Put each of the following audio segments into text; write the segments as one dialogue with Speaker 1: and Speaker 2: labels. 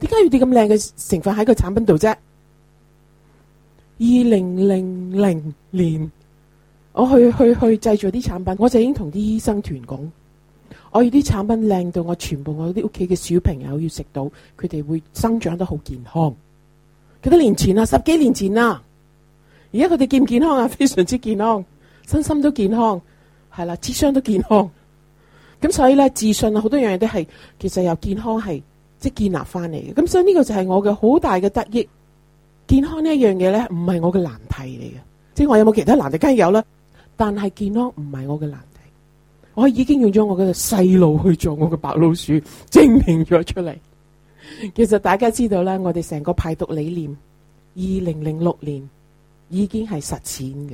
Speaker 1: 點解要啲咁靚嘅成分喺個產品度啫？二零零零年，我去去去製作啲產品，我就已經同啲醫生團講，我要啲產品靚到我全部我啲屋企嘅小朋友要食到，佢哋會生長得好健康。幾多年前啊，十幾年前啊，而家佢哋健唔健康啊？非常之健康，身心都健康，係啦，智商都健康。咁所以呢，自信啊，好多樣嘢都係，其實由健康係。即建立翻嚟嘅，咁所以呢個就係我嘅好大嘅得益。健康呢一樣嘢呢，唔係我嘅難題嚟嘅。即係我有冇其他難題？梗係有啦，但係健康唔係我嘅難題。我已經用咗我嘅細路去做我嘅白老鼠，證明咗出嚟。其實大家知道啦，我哋成個排毒理念，二零零六年已經係實踐嘅。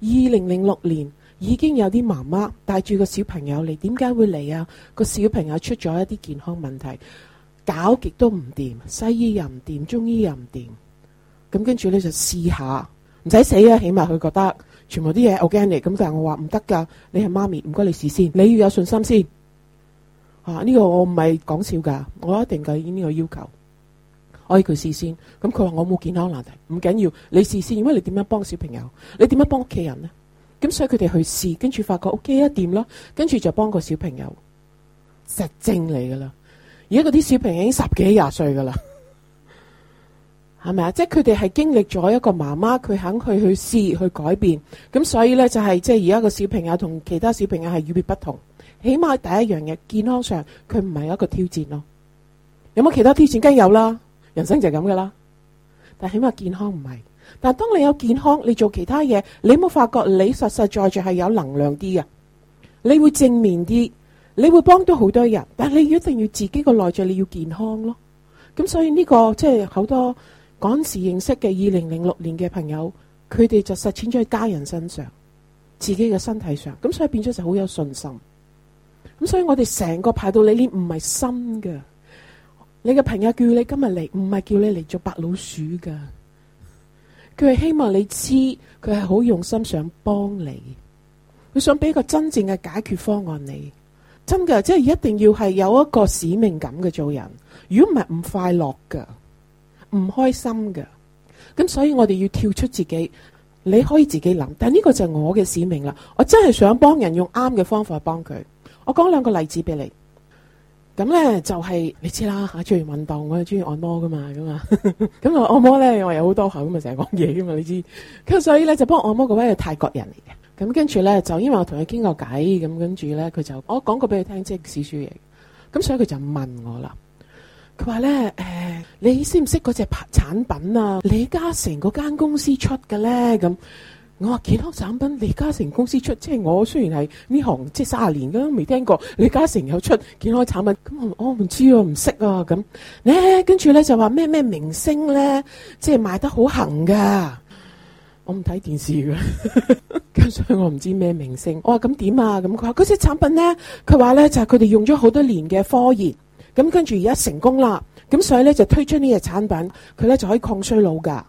Speaker 1: 二零零六年。已經有啲媽媽帶住個小朋友嚟，點解會嚟啊？個小朋友出咗一啲健康問題，搞極都唔掂，西醫又唔掂，中醫又唔掂，咁跟住你就試下，唔使死啊，起碼佢覺得全部啲嘢我驚你，咁但係我話唔得噶，你係媽咪，唔該你試先，你要有信心先。啊，呢、呢個我唔係講笑噶，我一定嘅呢個要求，可以啊、我叫佢試先。咁佢話我冇健康難題，唔緊要，你試先，如果你點樣幫小朋友，你點樣幫屋企人呢？咁所以佢哋去試，跟住發覺 OK 一掂啦，跟住就幫個小朋友，實證嚟噶啦！而家嗰啲小朋友已經十幾廿歲噶啦，係咪啊？即係佢哋係經歷咗一個媽媽，佢肯去去試去改變。咁所以呢，就係、是、即係而家個小朋友同其他小朋友係與別不同。起碼第一樣嘢健康上佢唔係一個挑戰咯。有冇其他挑戰？梗有啦，人生就係咁噶啦。但起碼健康唔係。但係當你有健康，你做其他嘢，你冇發覺你實實在在係有能量啲嘅，你會正面啲，你會幫到好多人。但你一定要自己個內在你要健康咯。咁所以呢個即係好多當時認識嘅二零零六年嘅朋友，佢哋就實踐咗喺家人身上，自己嘅身體上，咁所以變咗就好有信心。咁所以我哋成個排到你呢，唔係新噶，你嘅朋友叫你今日嚟，唔係叫你嚟做白老鼠噶。佢係希望你知，佢係好用心想幫你，佢想俾個真正嘅解決方案你。真嘅，即係一定要係有一個使命感嘅做人。如果唔係唔快樂㗎，唔開心㗎，咁所以我哋要跳出自己。你可以自己諗，但呢個就係我嘅使命啦。我真係想幫人用啱嘅方法去幫佢。我講兩個例子俾你。咁咧就係你知啦嚇，鍾意運動，我又鍾意按摩噶嘛，咁啊咁啊按摩咧，我有好多口咁啊，成日講嘢噶嘛，你知咁、啊、 所以咧，就幫按摩嗰位泰國人嚟嘅，咁跟住咧，就因為我同佢傾過偈咁，跟住咧，佢就我講過俾佢聽，即係史書嘢，咁所以佢就問我啦，佢話咧誒你識唔識嗰隻品牌產品啊？李嘉誠嗰間公司出嘅咧咁。我話，健康產品李嘉誠公司出？即係我雖然係呢行即係卅年啦，未聽過李嘉誠有出健康產品。咁我哦、我唔知啊，唔識啊咁。咧跟住咧就話咩咩明星咧，即係賣得好行噶。我唔睇電視嘅，咁 所以我唔知咩明星。我話咁點啊？咁佢話嗰隻產品咧，佢話咧就係佢哋用咗好多年嘅科研，咁跟住而家成功啦，咁所以咧就推出呢隻產品，佢咧就可以抗衰老噶。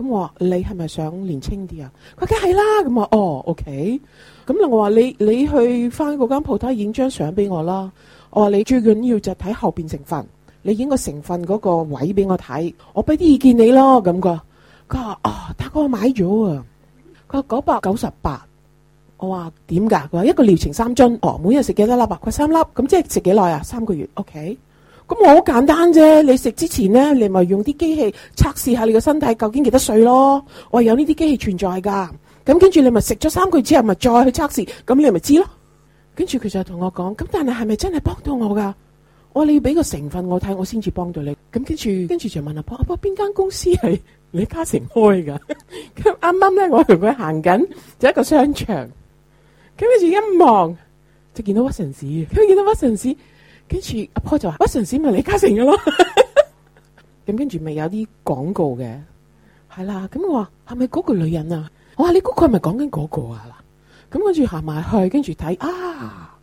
Speaker 1: 咁我話你係咪想年青啲啊？佢梗係啦，咁話哦，OK，咁我話你你去翻嗰間鋪頭影張相俾我啦。我話你最緊要就睇後邊成分，你影個成分嗰個位俾我睇，我俾啲意見你咯。咁、個佢話哦，大哥我買咗啊，佢話九百九十八，8, 我話點噶？佢話一個療程三樽，哦，每日食幾多粒啊？佢三粒，咁即係食幾耐啊？三個月，OK。咁我好簡單啫，你食之前呢，你咪用啲機器測試下你個身體究竟幾多歲咯。我話有呢啲機器存在噶，咁跟住你咪食咗三個月之後，咪再去測試，咁你咪知咯。跟住佢就同我講：咁但係係咪真係幫到我噶？我話你要俾個成分我睇，我先至幫到你。咁跟住跟住就問阿婆：阿婆邊間公司係李嘉誠開㗎？咁啱啱咧，我同佢行緊，就一個商場。咁跟住一望，就見到屈臣氏，佢 見到屈臣氏。跟住阿婆就話，屈臣氏咪李嘉誠嘅咯。咁跟住咪有啲廣告嘅，係啦。咁我話係咪嗰個女人啊？我話你估佢係咪講緊嗰個啊？咁跟住行埋去，跟住睇啊，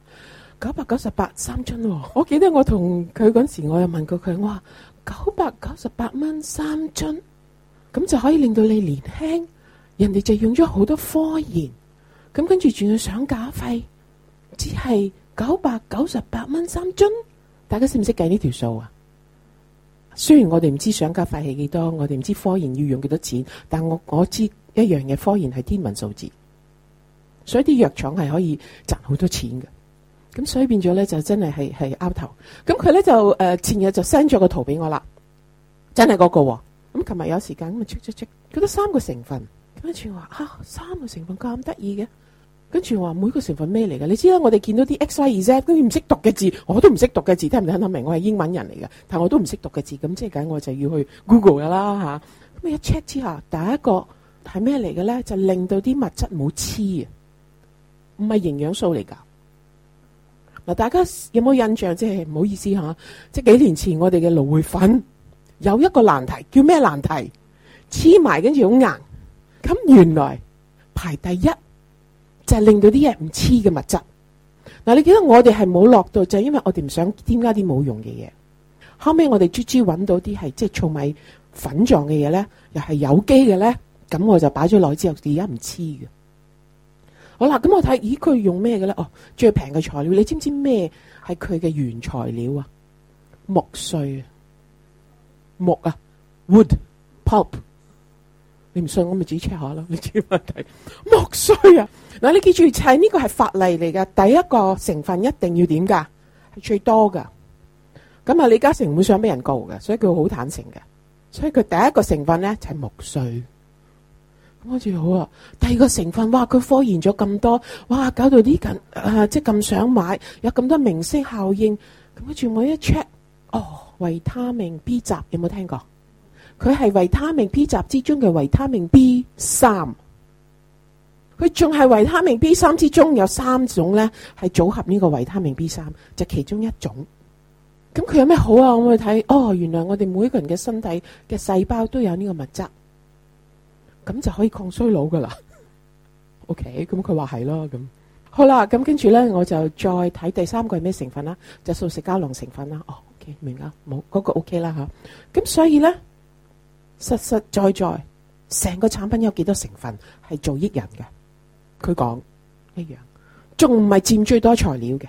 Speaker 1: 九百九十八三樽，哦。我記得我同佢嗰時，我又問過佢，我話九百九十八蚊三樽，咁就可以令到你年輕。人哋就用咗好多科研，咁跟住仲要上架費，只係。九百九十八蚊三樽，大家識唔識計呢條數啊？雖然我哋唔知上架費係幾多，我哋唔知科研要用幾多錢，但我我知一樣嘢，科研係天文數字，所以啲藥廠係可以賺好多錢嘅。咁所以變咗咧，就真係係係 out 頭。咁佢咧就誒、呃、前日就 send 咗個圖俾我啦，真係嗰個、啊。咁琴日有時間咁咪 check check 佢得三個成分，跟住話啊，三個成分咁得意嘅。跟住話每個成分咩嚟嘅？你知啦，我哋見到啲 X、Y、Z，跟住唔識讀嘅字，我都唔識讀嘅字，聽唔聽得明？我係英文人嚟嘅，但係我都唔識讀嘅字，咁即係緊我就要去 Google 啦吓，咁、啊、一 check 之下，第一個係咩嚟嘅咧？就令到啲物質冇黐嘅，唔係營養素嚟㗎。嗱，大家有冇印象？即係唔好意思嚇、啊，即係幾年前我哋嘅蘆薈粉有一個難題，叫咩難題？黐埋跟住好硬。咁原來排第一。就係令到啲嘢唔黐嘅物質。嗱、啊，你記得我哋係冇落到，就係，因為我哋唔想添加啲冇用嘅嘢。後尾我哋逐逐揾到啲係即係糙米粉狀嘅嘢咧，又係有機嘅咧，咁我就擺咗落之後，而家唔黐嘅。好啦，咁我睇，咦，佢用咩嘅咧？哦，最平嘅材料，你知唔知咩係佢嘅原材料啊？木碎啊，木啊，wood pulp。你唔信，我咪自己 check 下咯。你知問題？木碎啊！嗱，你記住，係呢個係法例嚟嘅。第一個成分一定要點㗎，係最多㗎。咁啊，李嘉誠唔會想俾人告嘅，所以佢好坦誠嘅。所以佢第一個成分咧就係、是、木碎。咁好似好啊。第二個成分，哇！佢科研咗咁多，哇！搞到呢近啊，即係咁想買，有咁多明星效應。咁佢仲我一 check，哦，維他命 B 雜有冇聽過？佢係維他命 B 雜之中嘅維他命 B 三。佢仲係維他命 B 三之中有三種咧，係組合呢個維他命 B 三，就其中一種。咁佢有咩好啊？我會去睇哦，原來我哋每一個人嘅身體嘅細胞都有呢個物質，咁就可以抗衰老噶啦。OK，咁佢話係咯，咁好啦。咁跟住咧，我就再睇第三個係咩成分啦，就是、素食膠囊成分啦。哦，OK，明啦，冇嗰、那個 OK 啦吓。咁、啊、所以咧，實實在在成個產品有幾多成分係做益人嘅？佢講一樣，仲唔係佔最多材料嘅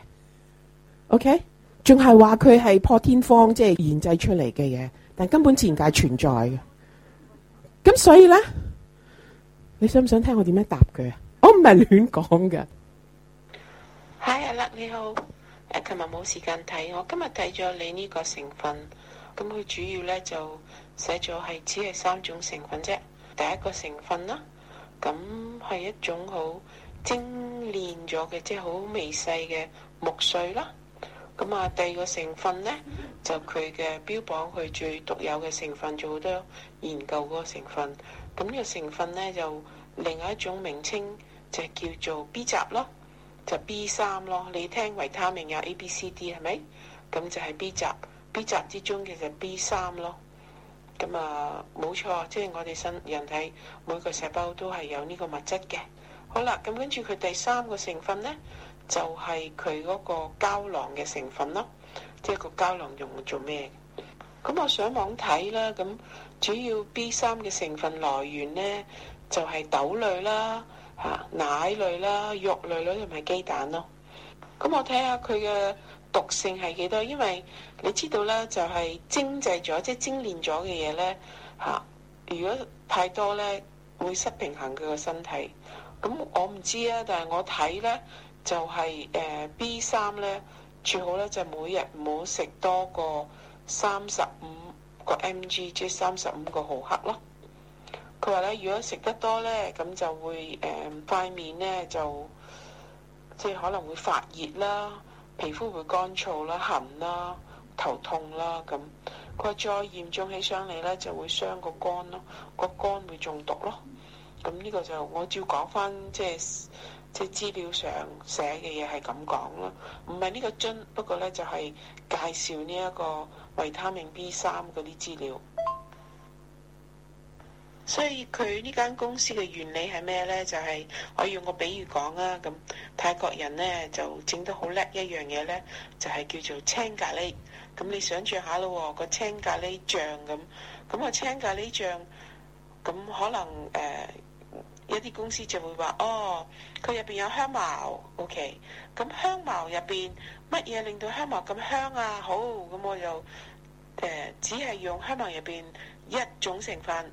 Speaker 1: ？OK，仲係話佢係破天荒即係研製出嚟嘅嘢，但根本自然界存在嘅。咁所以咧，你想唔想聽我點樣答佢？我唔係亂講噶。Hi，阿樂你好，誒，琴日冇時間睇，我今日睇咗你呢個成分，咁佢主要咧就寫咗係只係三種成分啫。第一個成分啦。咁係一種好精煉咗嘅，即係好微細嘅木碎啦。咁啊，第二個成分呢，就佢嘅標榜佢最獨有嘅成分，做好多研究嗰個成分。咁個成分呢，就另外一種名稱，就叫做 B 雜咯，就 B 三咯。你聽維他命有 A、B、C、D 係咪？咁就係 B 雜，B 雜之中其實 B 三咯。咁啊，冇、嗯、錯，即係我哋身人體每個細胞都係有呢個物質嘅。好啦，咁跟住佢第三個成分呢，就係佢嗰個膠囊嘅成分咯。即係個膠囊用嚟做咩？咁、嗯、我上網睇啦，咁、嗯、主要 B 三嘅成分來源呢，就係、是、豆類啦、嚇奶類啦、肉類啦同埋雞蛋咯。咁、嗯、我睇下佢嘅。毒性係幾多？因為你知道咧，就係精製咗，即係精煉咗嘅嘢咧嚇。如果太多咧，會失平衡佢個身體。咁我唔知啊，但係我睇咧就係誒 B 三咧，最好咧就每日唔好食多過三十五個 mg，即係三十五個毫克咯。佢話咧，如果食得多咧，咁就會誒塊面咧就即係可能會發熱啦。皮膚會乾燥啦、痕啦、頭痛啦咁，佢再嚴重起上嚟咧，就會傷個肝咯，個肝會中毒咯。咁呢、這個就我照講翻，即係即係資料上寫嘅嘢係咁講咯，唔係呢個樽。不過咧，就係、是、介紹呢一個維他命 B 三嗰啲資料。所以佢呢間公司嘅原理係咩呢？就係我用個比喻講啦。咁泰國人呢，就整得好叻一樣嘢呢，就係叫做青咖喱。咁你想象下咯，個青咖喱醬咁咁啊，青咖喱醬咁可能誒一啲公司就會話哦，佢入邊有香茅。OK. 咁香茅入邊乜嘢令到香茅咁香啊？好，咁我又誒只係用香茅入邊一種成分，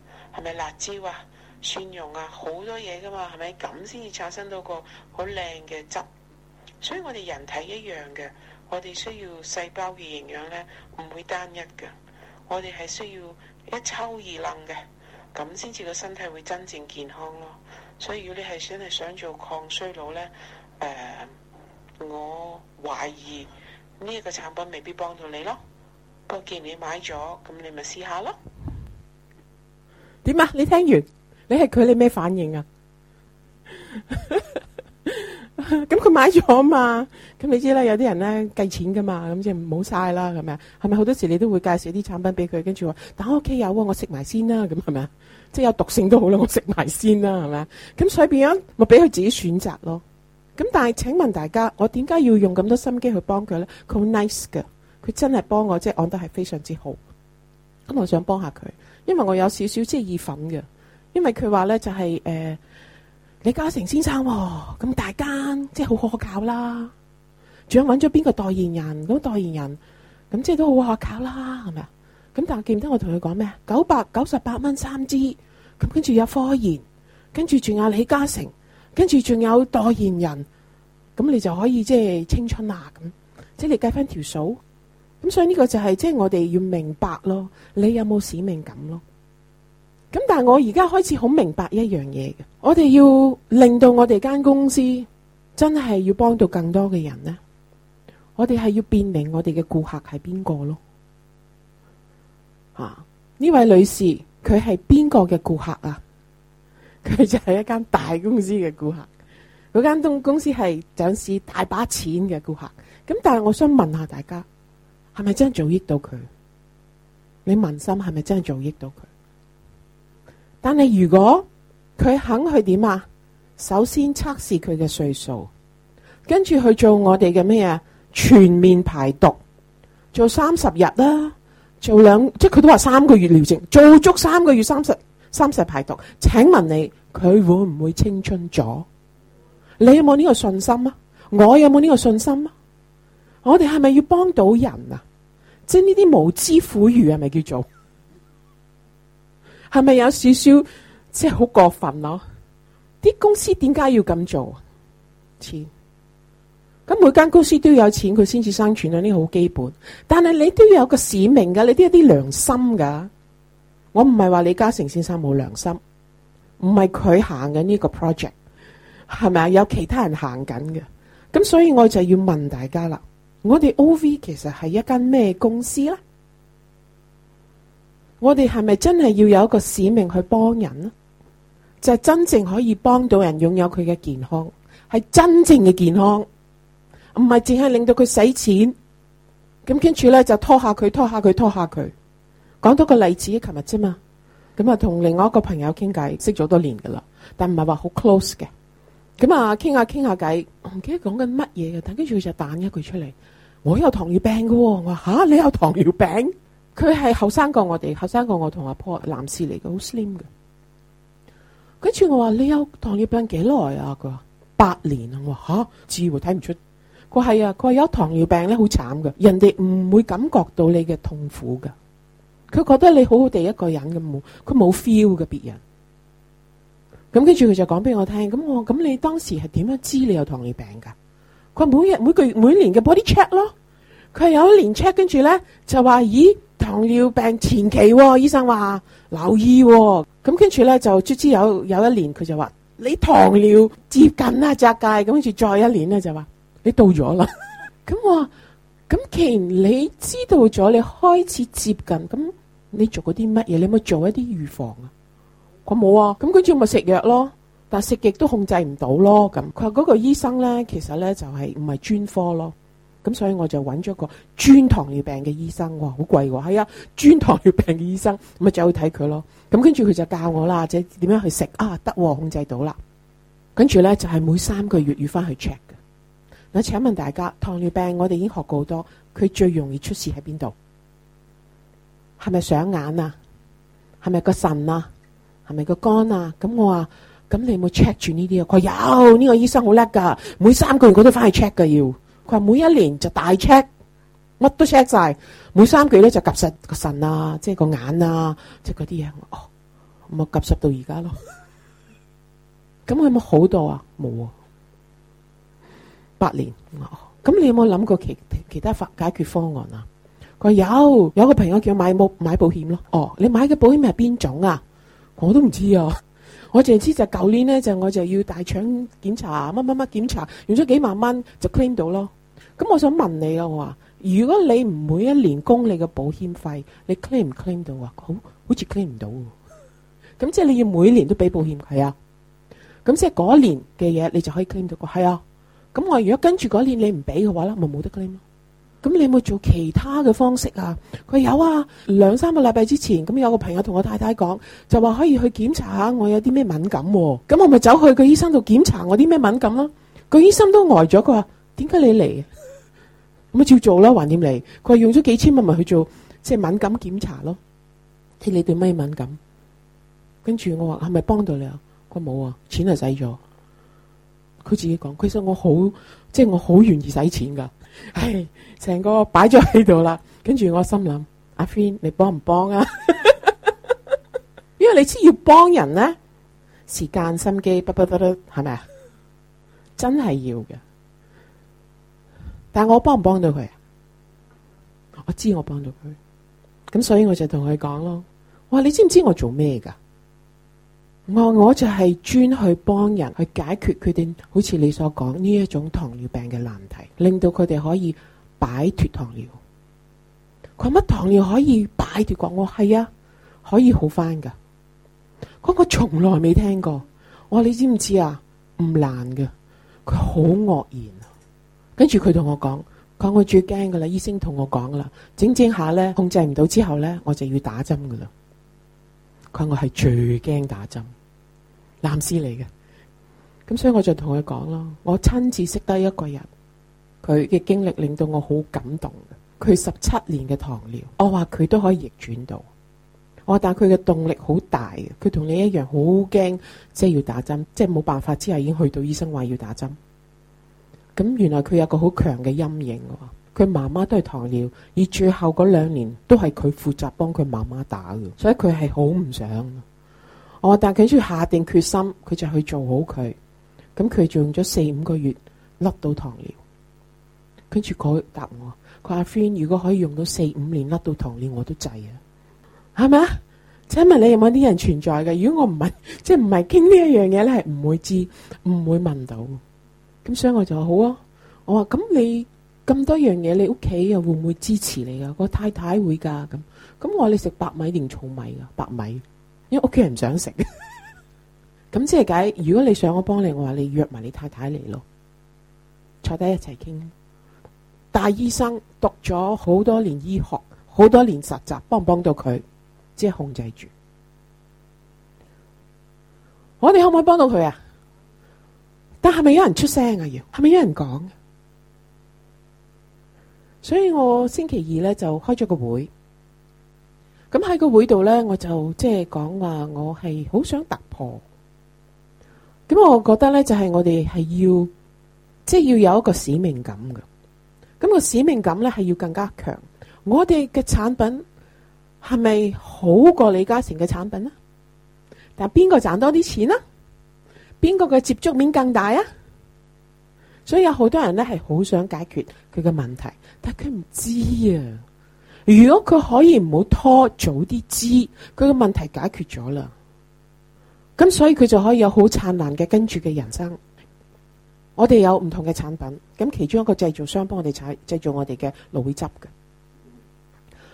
Speaker 1: 係咪辣椒啊、蒜蓉啊，好多嘢噶嘛，係咪咁先至產生到個好靚嘅汁？所以我哋人體一樣嘅，我哋需要細胞嘅營養呢，唔會單一嘅，我哋係需要一抽二楞嘅，咁先至個身體會真正健康咯。所以如果你係真係想做抗衰老呢，誒、呃，我懷疑呢個產品未必幫到你咯。不過既然你買咗，咁你咪試下咯。點啊！你聽完，你係佢，你咩反應啊？咁 佢買咗啊嘛，咁你知啦。有啲人咧計錢噶嘛，咁即係唔好晒啦，係咪啊？係咪好多時你都會介紹啲產品俾佢，跟住話：，但我屋企有啊，我食埋先啦，咁係咪啊？即係有毒性都好啦，我食埋先啦，係咪啊？咁所以變咗，咪俾佢自己選擇咯。咁但係，請問大家，我點解要用咁多心機去幫佢咧？佢好 nice 噶，佢真係幫我，即係按得係非常之好。咁我想幫下佢。因為我有少少即係意粉嘅，因為佢話咧就係、是、誒、呃、李嘉誠先生咁、哦、大間，即係好可靠啦。仲有揾咗邊個代言人，咁代言人咁即係都好可靠啦，係咪啊？咁但係記唔得我同佢講咩？九百九十八蚊三支，咁跟住有科研，跟住仲有李嘉誠，跟住仲有代言人，咁你就可以即係青春啦咁。即係你計翻條數。咁所以呢個就係即係我哋要明白咯，你有冇使命感咯？咁但係我而家開始好明白一樣嘢，嘅，我哋要令到我哋間公司真係要幫到更多嘅人咧。我哋係要辨明我哋嘅顧客係邊個咯？吓、啊，呢位女士佢係邊個嘅顧客啊？佢就係一間大公司嘅顧客，嗰間公司係上市大把錢嘅顧客。咁但係我想問下大家。係咪真係做益到佢？你問心係咪真係做益到佢？但係如果佢肯去點啊？首先測試佢嘅歲數，跟住去做我哋嘅咩啊？全面排毒，做三十日啦、啊，做兩即係佢都話三個月療程，做足三個月三十三十排毒，請問你佢會唔會青春咗？你有冇呢個信心啊？我有冇呢個信心啊？我哋係咪要幫到人啊？即係呢啲無知苦語係咪叫做？係咪有少少即係好過分咯，啊？啲公司點解要咁做？錢咁每間公司都要有錢佢先至生存啊！呢個好基本，但係你都要有個使命噶，你都有啲良心噶。我唔係話李嘉誠先生冇良心，唔係佢行緊呢個 project，係咪啊？有其他人行緊嘅，咁所以我就要問大家啦。我哋 O V 其實係一間咩公司咧？我哋係咪真係要有一個使命去幫人呢？就係、是、真正可以幫到人擁有佢嘅健康，係真正嘅健康，唔係淨係令到佢使錢。咁跟住咧就拖下佢，拖下佢，拖下佢。講到個例子，琴日啫嘛，咁啊同另外一個朋友傾偈，識咗多年噶啦，但唔係話好 close 嘅。咁啊，傾下傾下偈，唔記得講緊乜嘢嘅，但跟住佢就彈一句出嚟，我有糖尿病嘅、哦，我話吓你有糖尿病？佢係後生過我哋，後生過我同阿婆男士嚟嘅，好 Slim 嘅。跟住我話你有糖尿病幾耐啊？佢話八年啊，我話吓，似乎睇唔出。佢係啊，佢話有糖尿病咧，好慘嘅，人哋唔會感覺到你嘅痛苦嘅，佢覺得你好好地一個人咁，冇，佢冇 feel 嘅別人。咁跟住佢就講俾我聽，咁我咁你當時係點樣知你有糖尿病噶？佢每日每個月、每年嘅 body check 咯，佢係有一年 check，跟住咧就話咦糖尿病前期、哦，醫生話留意、哦，咁跟住咧就卒之有有一年佢就話你糖尿接近啊界，咁跟住再一年咧就話你到咗啦。咁 我咁既然你知道咗你開始接近，咁你做嗰啲乜嘢？你有冇做一啲預防啊？我冇啊，咁跟住咪食藥咯，但係食極都控制唔到咯。咁佢話嗰個醫生咧，其實咧就係唔係專科咯，咁所以我就揾咗個專糖尿病嘅醫生。嘩好貴喎，係啊，專糖尿病嘅醫生咁啊，咪就去睇佢咯。咁跟住佢就教我啦，或者點樣去食啊，得、啊、控制到啦。跟住咧就係、是、每三個月要翻去 check 嘅。嗱，請問大家糖尿病我哋已經學過好多，佢最容易出事喺邊度？係咪上眼啊？係咪個腎啊？係咪個肝啊？咁我話咁你有冇 check 住呢啲啊？佢話有呢、這個醫生好叻噶，每三個月佢都翻去 check 噶。要佢話每一年就大 check，乜都 check 晒。每三個月咧就及實個腎啊，即係個眼啊，即係嗰啲嘢。我哦咁啊，及實到而家咯。咁 佢有冇好多啊？冇啊，八年。咁、哦、你有冇諗過其其他法解決方案啊？佢話有有個朋友叫買保買保險咯。哦，你買嘅保險係邊種啊？我都唔知啊，我淨係知就舊年咧就係、我就要大腸檢查乜乜乜檢查，用咗幾萬蚊就 claim 到咯。咁我想問你啊，我話如果你唔每一年供你嘅保險費，你 claim 唔 claim 到啊？好好似 claim 唔到，咁即係你要每年都俾保險費啊？咁即係嗰一年嘅嘢你就可以 claim 到㗎，係啊？咁我如果跟住嗰年你唔俾嘅話咧，咪冇得 claim 咯？咁你有冇做其他嘅方式啊？佢有啊，兩三個禮拜之前，咁有個朋友同我太太講，就話可以去檢查下我有啲咩敏感喎。咁我咪走去個醫生度檢查我啲咩敏感咯。個醫生都呆咗，佢話，點解你嚟？咁咪照做咯，橫掂嚟？佢話用咗幾千蚊咪去做即係敏感檢查咯。你對咩敏感？跟住我話，係咪幫到你啊？佢，冇啊，錢就使咗。佢自己講，其實我好即係我好願意使錢噶。係成、哎、個擺咗喺度啦，跟住我心諗，阿 Fin 你幫唔幫啊？ 因為你知要幫人咧，時間心機不不不不，係咪啊？真係要嘅，但我幫唔幫到佢啊？我知我幫到佢，咁所以我就同佢講咯。我話你知唔知我做咩噶？我我就係專去幫人去解決佢哋，好似你所講呢一種糖尿病嘅難題，令到佢哋可以擺脫糖尿。佢乜糖尿可以擺脫？講，我係啊，可以好返噶。講，我從來未聽過。我話你知唔知啊？唔難噶。佢好愕然。跟住佢同我講，佢，我最驚噶啦，醫生同我講噶啦，整整下咧控制唔到之後咧，我就要打針噶啦。佢我係最驚打針，男士嚟嘅，咁所以我就同佢講咯，我親自識得一個人，佢嘅經歷令到我好感動，佢十七年嘅糖尿，我話佢都可以逆轉到，我話但佢嘅動力好大嘅，佢同你一樣好驚，即係要打針，即係冇辦法之後已經去到醫生話要打針，咁原來佢有個好強嘅陰影喎。佢媽媽都係糖尿，而最後嗰兩年都係佢負責幫佢媽媽打嘅，所以佢係好唔想。我、哦、但佢要下定決心，佢就去做好佢。咁佢仲用咗四五個月甩到糖尿，跟住佢答我：佢阿 friend 如果可以用到四五年甩到糖尿，我都制啊。係咪啊？請問你有冇啲人存在嘅？如果我唔問，即係唔係傾呢一樣嘢，咧係唔會知，唔會問到。咁所以我就話好啊。我話咁你。咁多樣嘢，你屋企又會唔會支持你啊？個太太會噶，咁咁我話，你食白米定糙米啊？白米，因為屋企人唔想食。咁即係解，如果你想我幫你，我話你約埋你太太嚟咯，坐低一齊傾。大係醫生讀咗好多年醫學，好多年實習，幫唔幫到佢？即係控制住。我哋可唔可以幫到佢啊？但係咪有人出聲啊？要係咪有人講？所以我星期二咧就開咗個會，咁喺個會度咧我就即係講話我係好想突破，咁我覺得咧就係、是、我哋係要即係、就是、要有一個使命感㗎，咁、那個使命感咧係要更加強，我哋嘅產品係咪好過李嘉誠嘅產品咧？但邊個賺多啲錢啊？邊個嘅接觸面更大啊？所以有好多人咧，係好想解決佢嘅問題，但係佢唔知啊。如果佢可以唔好拖，早啲知，佢嘅問題解決咗啦。咁所以佢就可以有好燦爛嘅跟住嘅人生。我哋有唔同嘅產品，咁其中一個製造商幫我哋產製造我哋嘅蘆薈汁嘅。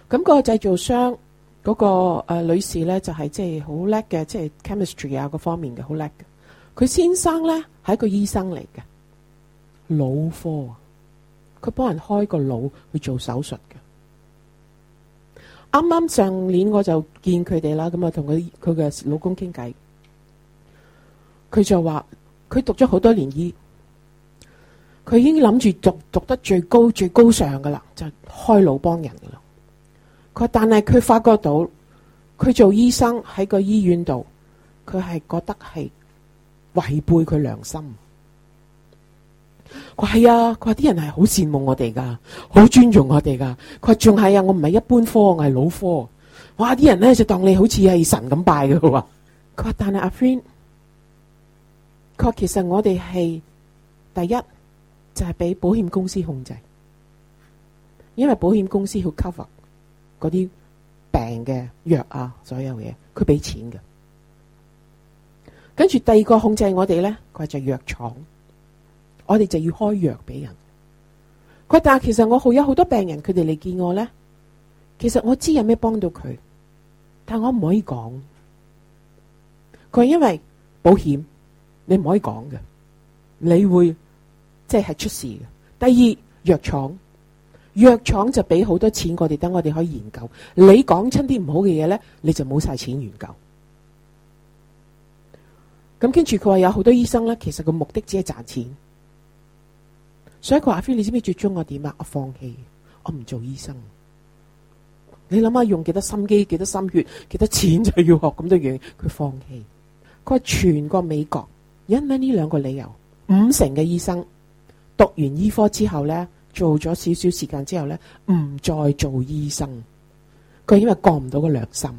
Speaker 1: 咁嗰個製造商嗰個呃女士咧，就係即係好叻嘅，即係 chemistry 啊嗰方面嘅好叻嘅。佢先生咧係一個醫生嚟嘅。腦科，佢幫人開個腦去做手術嘅。啱啱上年我就見佢哋啦，咁啊同佢佢嘅老公傾偈，佢就話佢讀咗好多年醫，佢已經諗住讀讀得最高最高尚噶啦，就係、開腦幫人噶啦。佢但係佢發覺到，佢做醫生喺個醫院度，佢係覺得係違背佢良心。佢係啊，佢話啲人係好羨慕我哋噶，好尊重我哋噶。佢話仲係啊，我唔係一般科，我係腦科。哇！啲人咧就當你好似係神咁拜嘅。佢話佢話，但係阿 Frank 佢話其實我哋係第一就係、是、俾保險公司控制，因為保險公司要 cover 嗰啲病嘅藥啊，所有嘢佢俾錢嘅。跟住第二個控制我哋咧，佢話就藥廠。我哋就要開藥俾人。佢，但係其實我好有好多病人，佢哋嚟見我呢。其實我知有咩幫到佢，但我唔可以講。佢係，因為保險，你唔可以講嘅，你會即係、就是、出事嘅。第二藥廠，藥廠就俾好多錢我哋，等我哋可以研究。你講親啲唔好嘅嘢呢，你就冇晒錢研究。咁跟住佢話有好多醫生呢，其實個目的只係賺錢。所以佢話阿飛，你知唔知最終我點啊？我放棄，我唔做醫生。你諗下，用幾多心機、幾多心血、幾多錢就要學咁多樣，佢放棄。佢話全個美國，因為呢兩個理由，五成嘅醫生讀完醫科之後呢，做咗少少時間之後呢，唔再做醫生。佢因為過唔到個良心。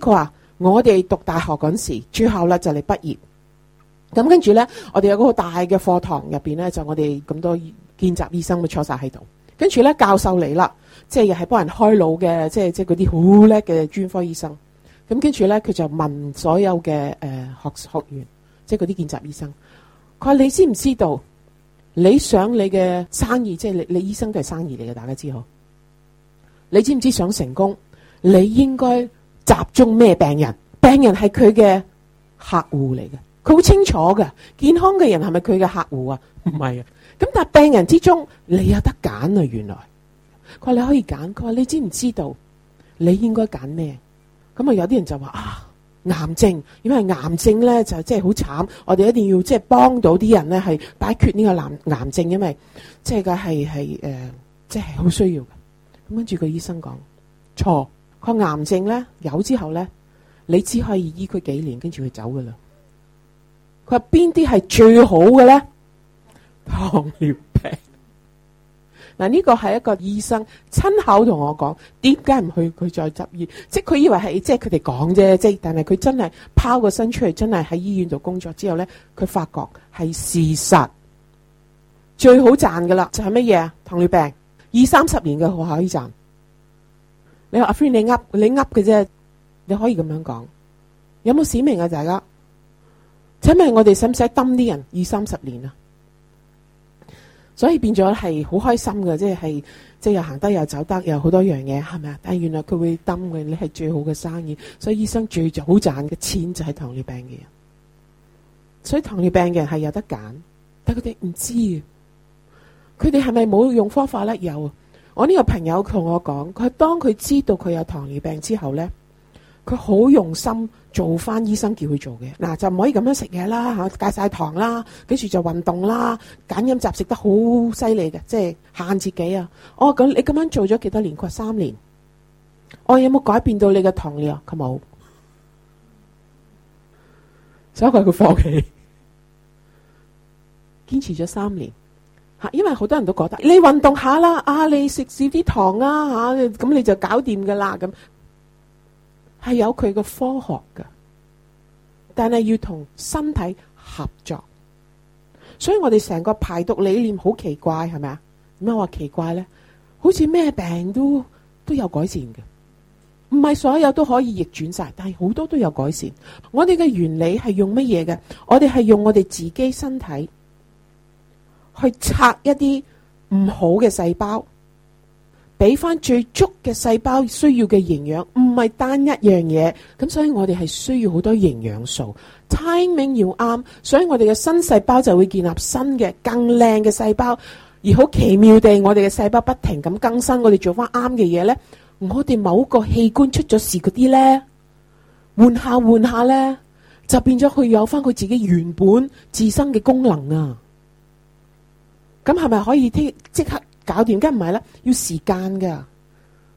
Speaker 1: 佢話我哋讀大學嗰陣時，最後呢就嚟畢業。咁跟住咧，我哋有嗰個好大嘅課堂入邊咧，就我哋咁多見習醫生都坐晒喺度。跟住咧，教授嚟啦，即係又係幫人開腦嘅，即係即係嗰啲好叻嘅專科醫生。咁跟住咧，佢就問所有嘅誒、呃、學學員，即係嗰啲見習醫生，佢話：你知唔知道你想你嘅生意，即係你你醫生都係生意嚟嘅，大家知好？你知唔知想成功，你應該集中咩病人？病人係佢嘅客戶嚟嘅。佢好清楚㗎，健康嘅人係咪佢嘅客戶啊？唔係啊。咁但係病人之中，你有得揀啊。原來佢話你可以揀。佢話你知唔知道你應該揀咩？咁啊，有啲人就話啊，癌症，因為癌症咧就即係好慘，我哋一定要即係幫到啲人咧係擺脫呢個癌癌症，因為即係佢係係誒，即係好需要嘅。咁、嗯、跟住個醫生講錯，佢癌症咧有之後咧，你只可以醫佢幾年，跟住佢走噶啦。佢邊啲係最好嘅咧？糖尿病嗱，呢個係一個醫生親口同我講，點解唔去佢再執醫？即係佢以為係即係佢哋講啫，即係但係佢真係拋個身出嚟，真係喺醫院度工作之後咧，佢發覺係事實最好賺噶啦，就係乜嘢啊？糖尿病二三十年嘅，可以賺。你話阿 free，你噏你噏嘅啫，你可以咁樣講。有冇使命啊？大家？請問我哋使唔使掹啲人二三十年啊？所以變咗係好開心嘅，即係即係又行得又走得又有好多樣嘢，係咪啊？但係原來佢會掹嘅，你係最好嘅生意，所以醫生最早賺嘅錢就係糖尿病嘅人，所以糖尿病嘅人係有得揀，但佢哋唔知，佢哋係咪冇用方法咧？有，我呢個朋友同我講，佢當佢知道佢有糖尿病之後咧。佢好用心做翻醫生叫佢做嘅。嗱、啊、就唔可以咁樣食嘢啦嚇，戒、啊、晒糖啦，跟住就運動啦，揀飲擇食得好犀利嘅，即係限自己啊！哦，咁，你咁樣做咗幾多年？佢、啊、三年，我、哦、有冇改變到你嘅糖尿？佢、啊、冇，所以佢放棄， 堅持咗三年嚇、啊，因為好多人都覺得你運動下啦，啊你食少啲糖啊嚇，咁、啊、你就搞掂噶啦咁。啊係有佢個科學噶，但係要同身體合作，所以我哋成個排毒理念好奇怪係咪啊？點解話奇怪咧？好似咩病都都有改善嘅，唔係所有都可以逆轉晒，但係好多都有改善。我哋嘅原理係用乜嘢嘅？我哋係用我哋自己身體去拆一啲唔好嘅細胞。俾翻最足嘅細胞需要嘅營養，唔係單一樣嘢，咁所以我哋係需要好多營養素，timing 要啱，所以我哋嘅新細胞就會建立新嘅更靚嘅細胞，而好奇妙地，我哋嘅細胞不停咁更新，我哋做翻啱嘅嘢呢，我哋某個器官出咗事嗰啲呢，換下，換下換下呢，就變咗佢有翻佢自己原本自身嘅功能啊！咁係咪可以聽即刻？搞掂，梗唔係啦，要時間噶，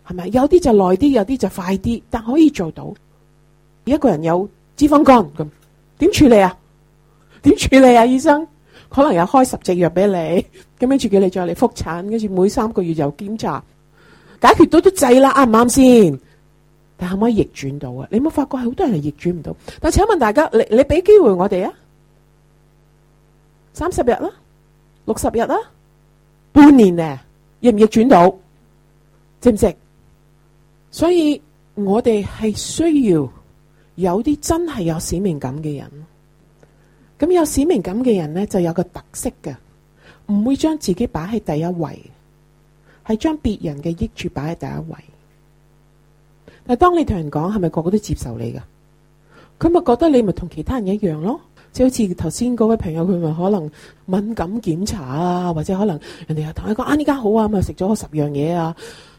Speaker 1: 係咪？有啲就耐啲，有啲就快啲，但可以做到。一個人有脂肪肝咁，點處理啊？點處理啊？醫生可能有開十隻藥俾你，咁跟住叫你再嚟複診，跟住每三個月又檢查，解決到都滯啦，啱唔啱先？但係可唔可以逆轉到啊？你冇發覺係好多人係逆轉唔到？但請問大家，你你俾機會我哋啊？三十日啦，啊，六十日啦，啊。半年呢，亦唔易轉到，值唔值？所以我哋係需要有啲真係有使命感嘅人。咁有使命感嘅人呢，就有個特色嘅，唔會將自己擺喺第一位，係將別人嘅益處擺喺第一位。但係當你同人講，係咪個個都接受你噶？佢咪覺得你咪同其他人一樣咯？即係好似頭先嗰位朋友，佢咪可能敏感檢查啊，或者可能人哋又同佢講啊呢間好啊，咁咪食咗十樣嘢啊。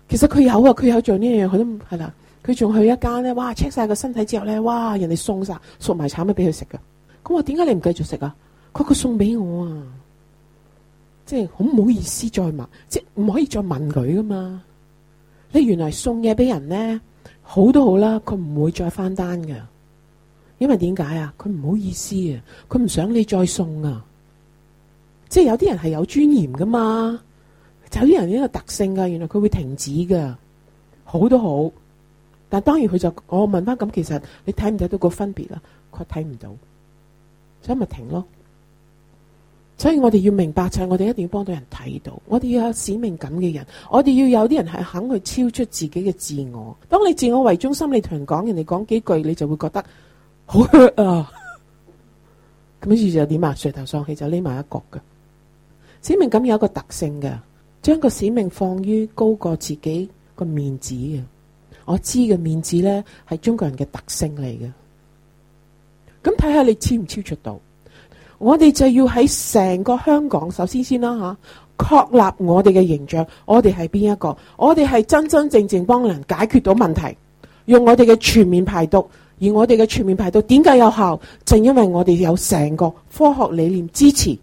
Speaker 1: 持人其實佢有啊，佢有做呢樣，佢都係啦。佢仲去一間咧，哇 check 晒個身體之後咧，哇人哋送晒，送送埋產品俾佢食噶。咁我點解你唔繼續食啊？佢佢送俾我啊，即係好唔好意思再問，即係唔可以再問佢噶嘛？你原來送嘢俾人咧，好都好啦，佢唔會再翻單嘅。因為點解啊？佢唔好意思啊，佢唔想你再送啊。即係有啲人係有尊嚴噶嘛，就啲人呢個特性噶。原來佢會停止噶，好都好，但當然佢就我問翻咁，其實你睇唔睇到個分別啊？佢睇唔到，所以咪停咯。所以我哋要明白就係我哋一定要幫到人睇到，我哋要有使命感嘅人，我哋要有啲人係肯去超出自己嘅自我。當你自我為中心，你同人講人哋講幾句，你就會覺得。好屈啊！咁跟住就點啊？垂頭喪氣，就匿埋一角嘅。使命感有一個特性嘅，將個使命放於高過自己個面子嘅。我知嘅面子呢係中國人嘅特性嚟嘅。咁睇下你超唔超出到？我哋就要喺成個香港首先先啦吓，確立我哋嘅形象。我哋係邊一個？我哋係真真正正幫人解決到問題，用我哋嘅全面排毒。而我哋嘅全面排毒點解有效？正因為我哋有成個科學理念支持，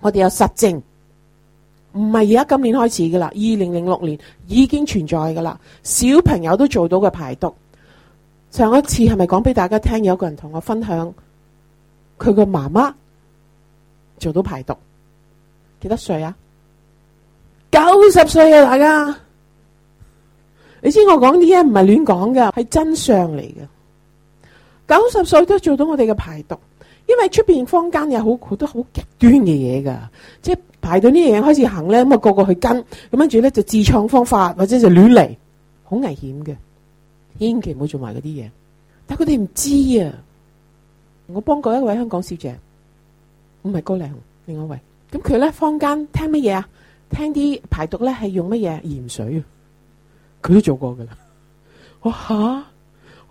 Speaker 1: 我哋有實證，唔係而家今年開始噶啦，二零零六年已經存在噶啦，小朋友都做到嘅排毒。上一次係咪講俾大家聽？有個人同我分享，佢個媽媽做到排毒，幾多歲啊？九十歲啊！大家，你知我講啲嘢唔係亂講噶，係真相嚟嘅。九十歲都做到我哋嘅排毒，因為出邊坊間有好好多好極端嘅嘢噶，即係排到呢樣嘢開始行咧，咁啊個個去跟，咁跟住咧就自創方法或者就亂嚟，好危險嘅，千祈唔好做埋嗰啲嘢。但係佢哋唔知啊，我幫過一位香港小姐，唔係高麗紅，另外一位，咁佢咧坊間聽乜嘢啊？聽啲排毒咧係用乜嘢鹽水，佢都做過噶啦，我吓。啊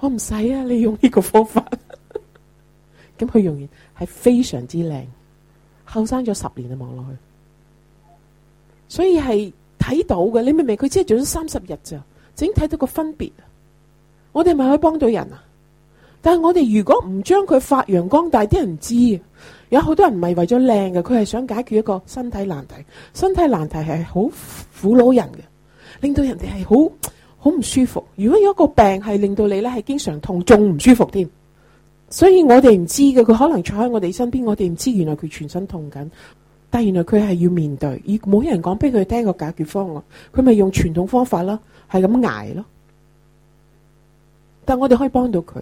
Speaker 1: 我唔使啊！你用呢個方法，咁佢用完係非常之靚，後生咗十年啊，望落去，所以係睇到嘅。你明唔明？佢只係做咗三十日咋，已經睇到個分別。我哋咪可以幫到人啊！但係我哋如果唔將佢發揚光大，啲人唔知啊，有好多人唔係為咗靚嘅，佢係想解決一個身體難題。身體難題係好苦惱人嘅，令到人哋係好。好唔舒服。如果有一個病係令到你咧係經常痛，仲唔舒服添？所以我哋唔知嘅，佢可能坐喺我哋身邊，我哋唔知。原來佢全身痛緊，但原來佢係要面對。而冇人講俾佢聽個解決方案，佢咪用傳統方法咯，係咁挨咯。但我哋可以幫到佢，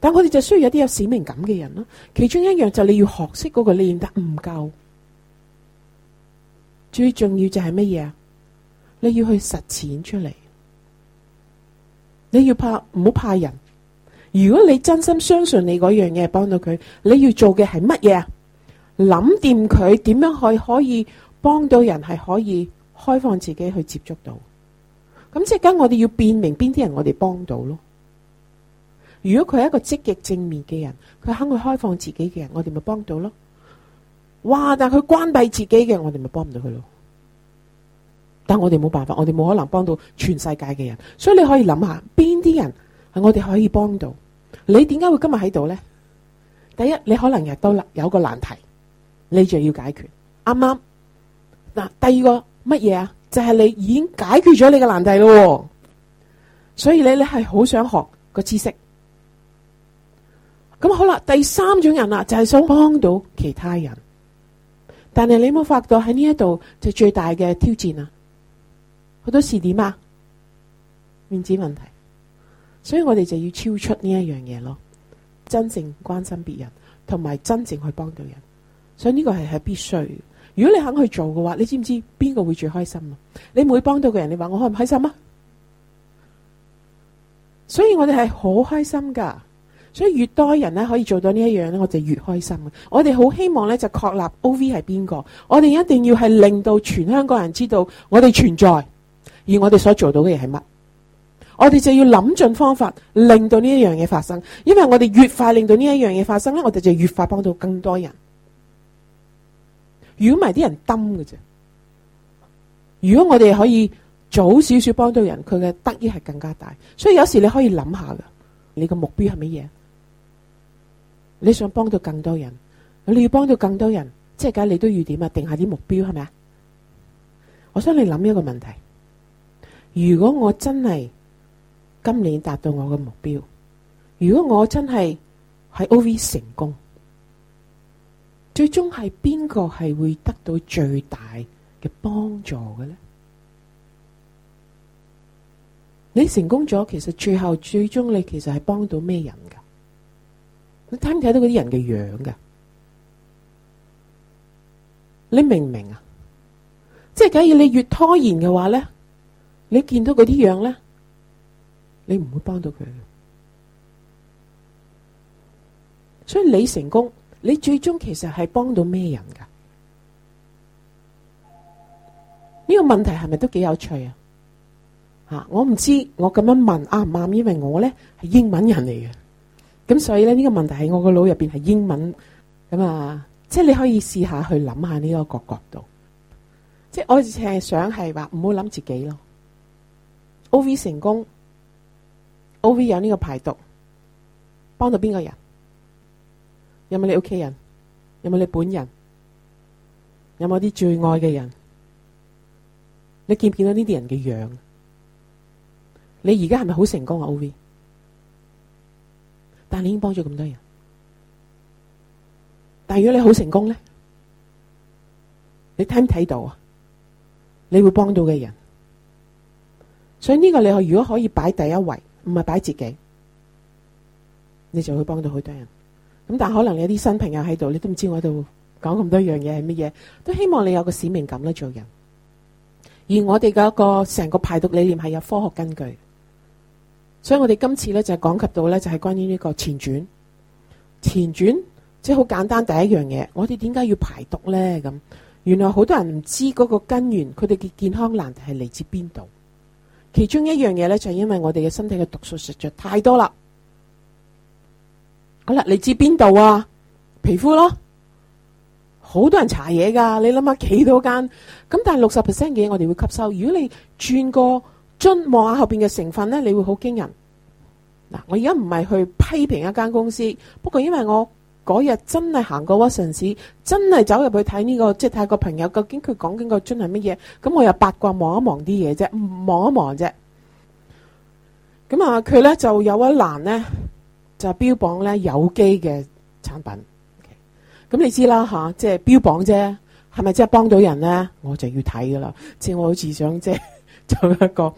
Speaker 1: 但我哋就需要有啲有使命感嘅人咯。其中一樣就你要學識嗰個你練得唔夠，最重要就係乜嘢啊？你要去實踐出嚟。你要怕，唔好怕人。如果你真心相信你嗰樣嘢幫到佢，你要做嘅係乜嘢啊？諗掂佢點樣去可以幫到人，係可以開放自己去接觸到。咁即係跟我哋要辨明邊啲人我哋幫到咯。如果佢係一個積極正面嘅人，佢肯去開放自己嘅人，我哋咪幫到咯。哇！但係佢關閉自己嘅，我哋咪幫唔到佢咯。但我哋冇辦法，我哋冇可能幫到全世界嘅人，所以你可以諗下邊啲人係我哋可以幫到。你點解會今日喺度咧？第一，你可能亦都有個難題，你就要解決。啱啱嗱，第二個乜嘢啊？就係你已經解決咗你嘅難題咯。所以咧，你係好想學個知識。咁好啦，第三種人啦，就係想幫到其他人。但係你冇發覺喺呢一度就最大嘅挑戰啊！好多事點啊，面子問題，所以我哋就要超出呢一樣嘢咯。真正關心別人，同埋真正去幫到人，所以呢個係係必須。如果你肯去做嘅話，你知唔知邊個會最開心啊？你唔會幫到嘅人，你話我開唔開心啊？所以我哋係好開心㗎。所以越多人咧可以做到呢一樣咧，我就越開心。我哋好希望咧就確立 O V 係邊個，我哋一定要係令到全香港人知道我哋存在。而我哋所做到嘅嘢係乜？我哋就要諗盡方法，令到呢一樣嘢發生。因為我哋越快令到呢一樣嘢發生咧，我哋就越快幫到更多人。如果唔係啲人冧㗎啫。如果我哋可以早少少幫到人，佢嘅得益係更加大。所以有時你可以諗下噶，你個目標係乜嘢？你想幫到更多人，你要幫到更多人，即係梗係你都要點啊？定下啲目標係咪啊？我想你諗一個問題。如果我真係今年達到我嘅目標，如果我真係喺 OV 成功，最終係邊個係會得到最大嘅幫助嘅咧？你成功咗，其實最後最終你其實係幫到咩人噶？你睇唔睇到嗰啲人嘅樣噶？你明唔明啊？即係假如你越拖延嘅話咧？你見到嗰啲樣咧，你唔會幫到佢。所以你成功，你最終其實係幫到咩人噶？呢個問題係咪都幾有趣啊？吓，我唔知我咁樣問啱唔啱，因為我咧係英文人嚟嘅，咁所以咧，呢個問題喺我個腦入邊係英文咁啊。即係你可以試下去諗下呢個角角度，即係我淨係想係話唔好諗自己咯。O V 成功，O V 有呢個排毒，幫到邊個人？有冇你屋企人？有冇你本人？有冇啲最愛嘅人？你見唔見到呢啲人嘅樣？你而家係咪好成功啊？O V，但你已經幫咗咁多人，但如果你好成功咧，你睇唔睇到啊？你會幫到嘅人。所以呢個你，如果可以擺第一位，唔係擺自己，你就會幫到好多人。咁但可能你啲新朋友喺度，你都唔知我喺度講咁多樣嘢係乜嘢。都希望你有個使命感啦，做人。而我哋嘅一個成個排毒理念係有科學根據，所以我哋今次咧就係講及到咧就係關於呢個前傳前傳，即係好簡單。第一樣嘢，我哋點解要排毒咧？咁原來好多人唔知嗰個根源，佢哋嘅健康難題係嚟自邊度。其中一樣嘢咧，就係因為我哋嘅身體嘅毒素實在太多啦。好啦，你知邊度啊？皮膚咯，好多人搽嘢噶。你諗下，幾多間？咁但係六十 percent 嘅嘢，我哋會吸收。如果你轉過樽望下後邊嘅成分咧，你會好驚人。嗱，我而家唔係去批評一間公司，不過因為我。嗰日真係行過屈臣氏，真係走入去睇呢、這個，即係睇個朋友究竟佢講緊個樽係乜嘢，咁我又八卦望一望啲嘢啫，望一望啫。咁啊，佢咧就有一欄咧就是、標榜咧有機嘅產品。咁、okay. 你知啦吓、啊，即係標榜啫，係咪即係幫到人咧？我就要睇噶啦，即係我好似想即係做一個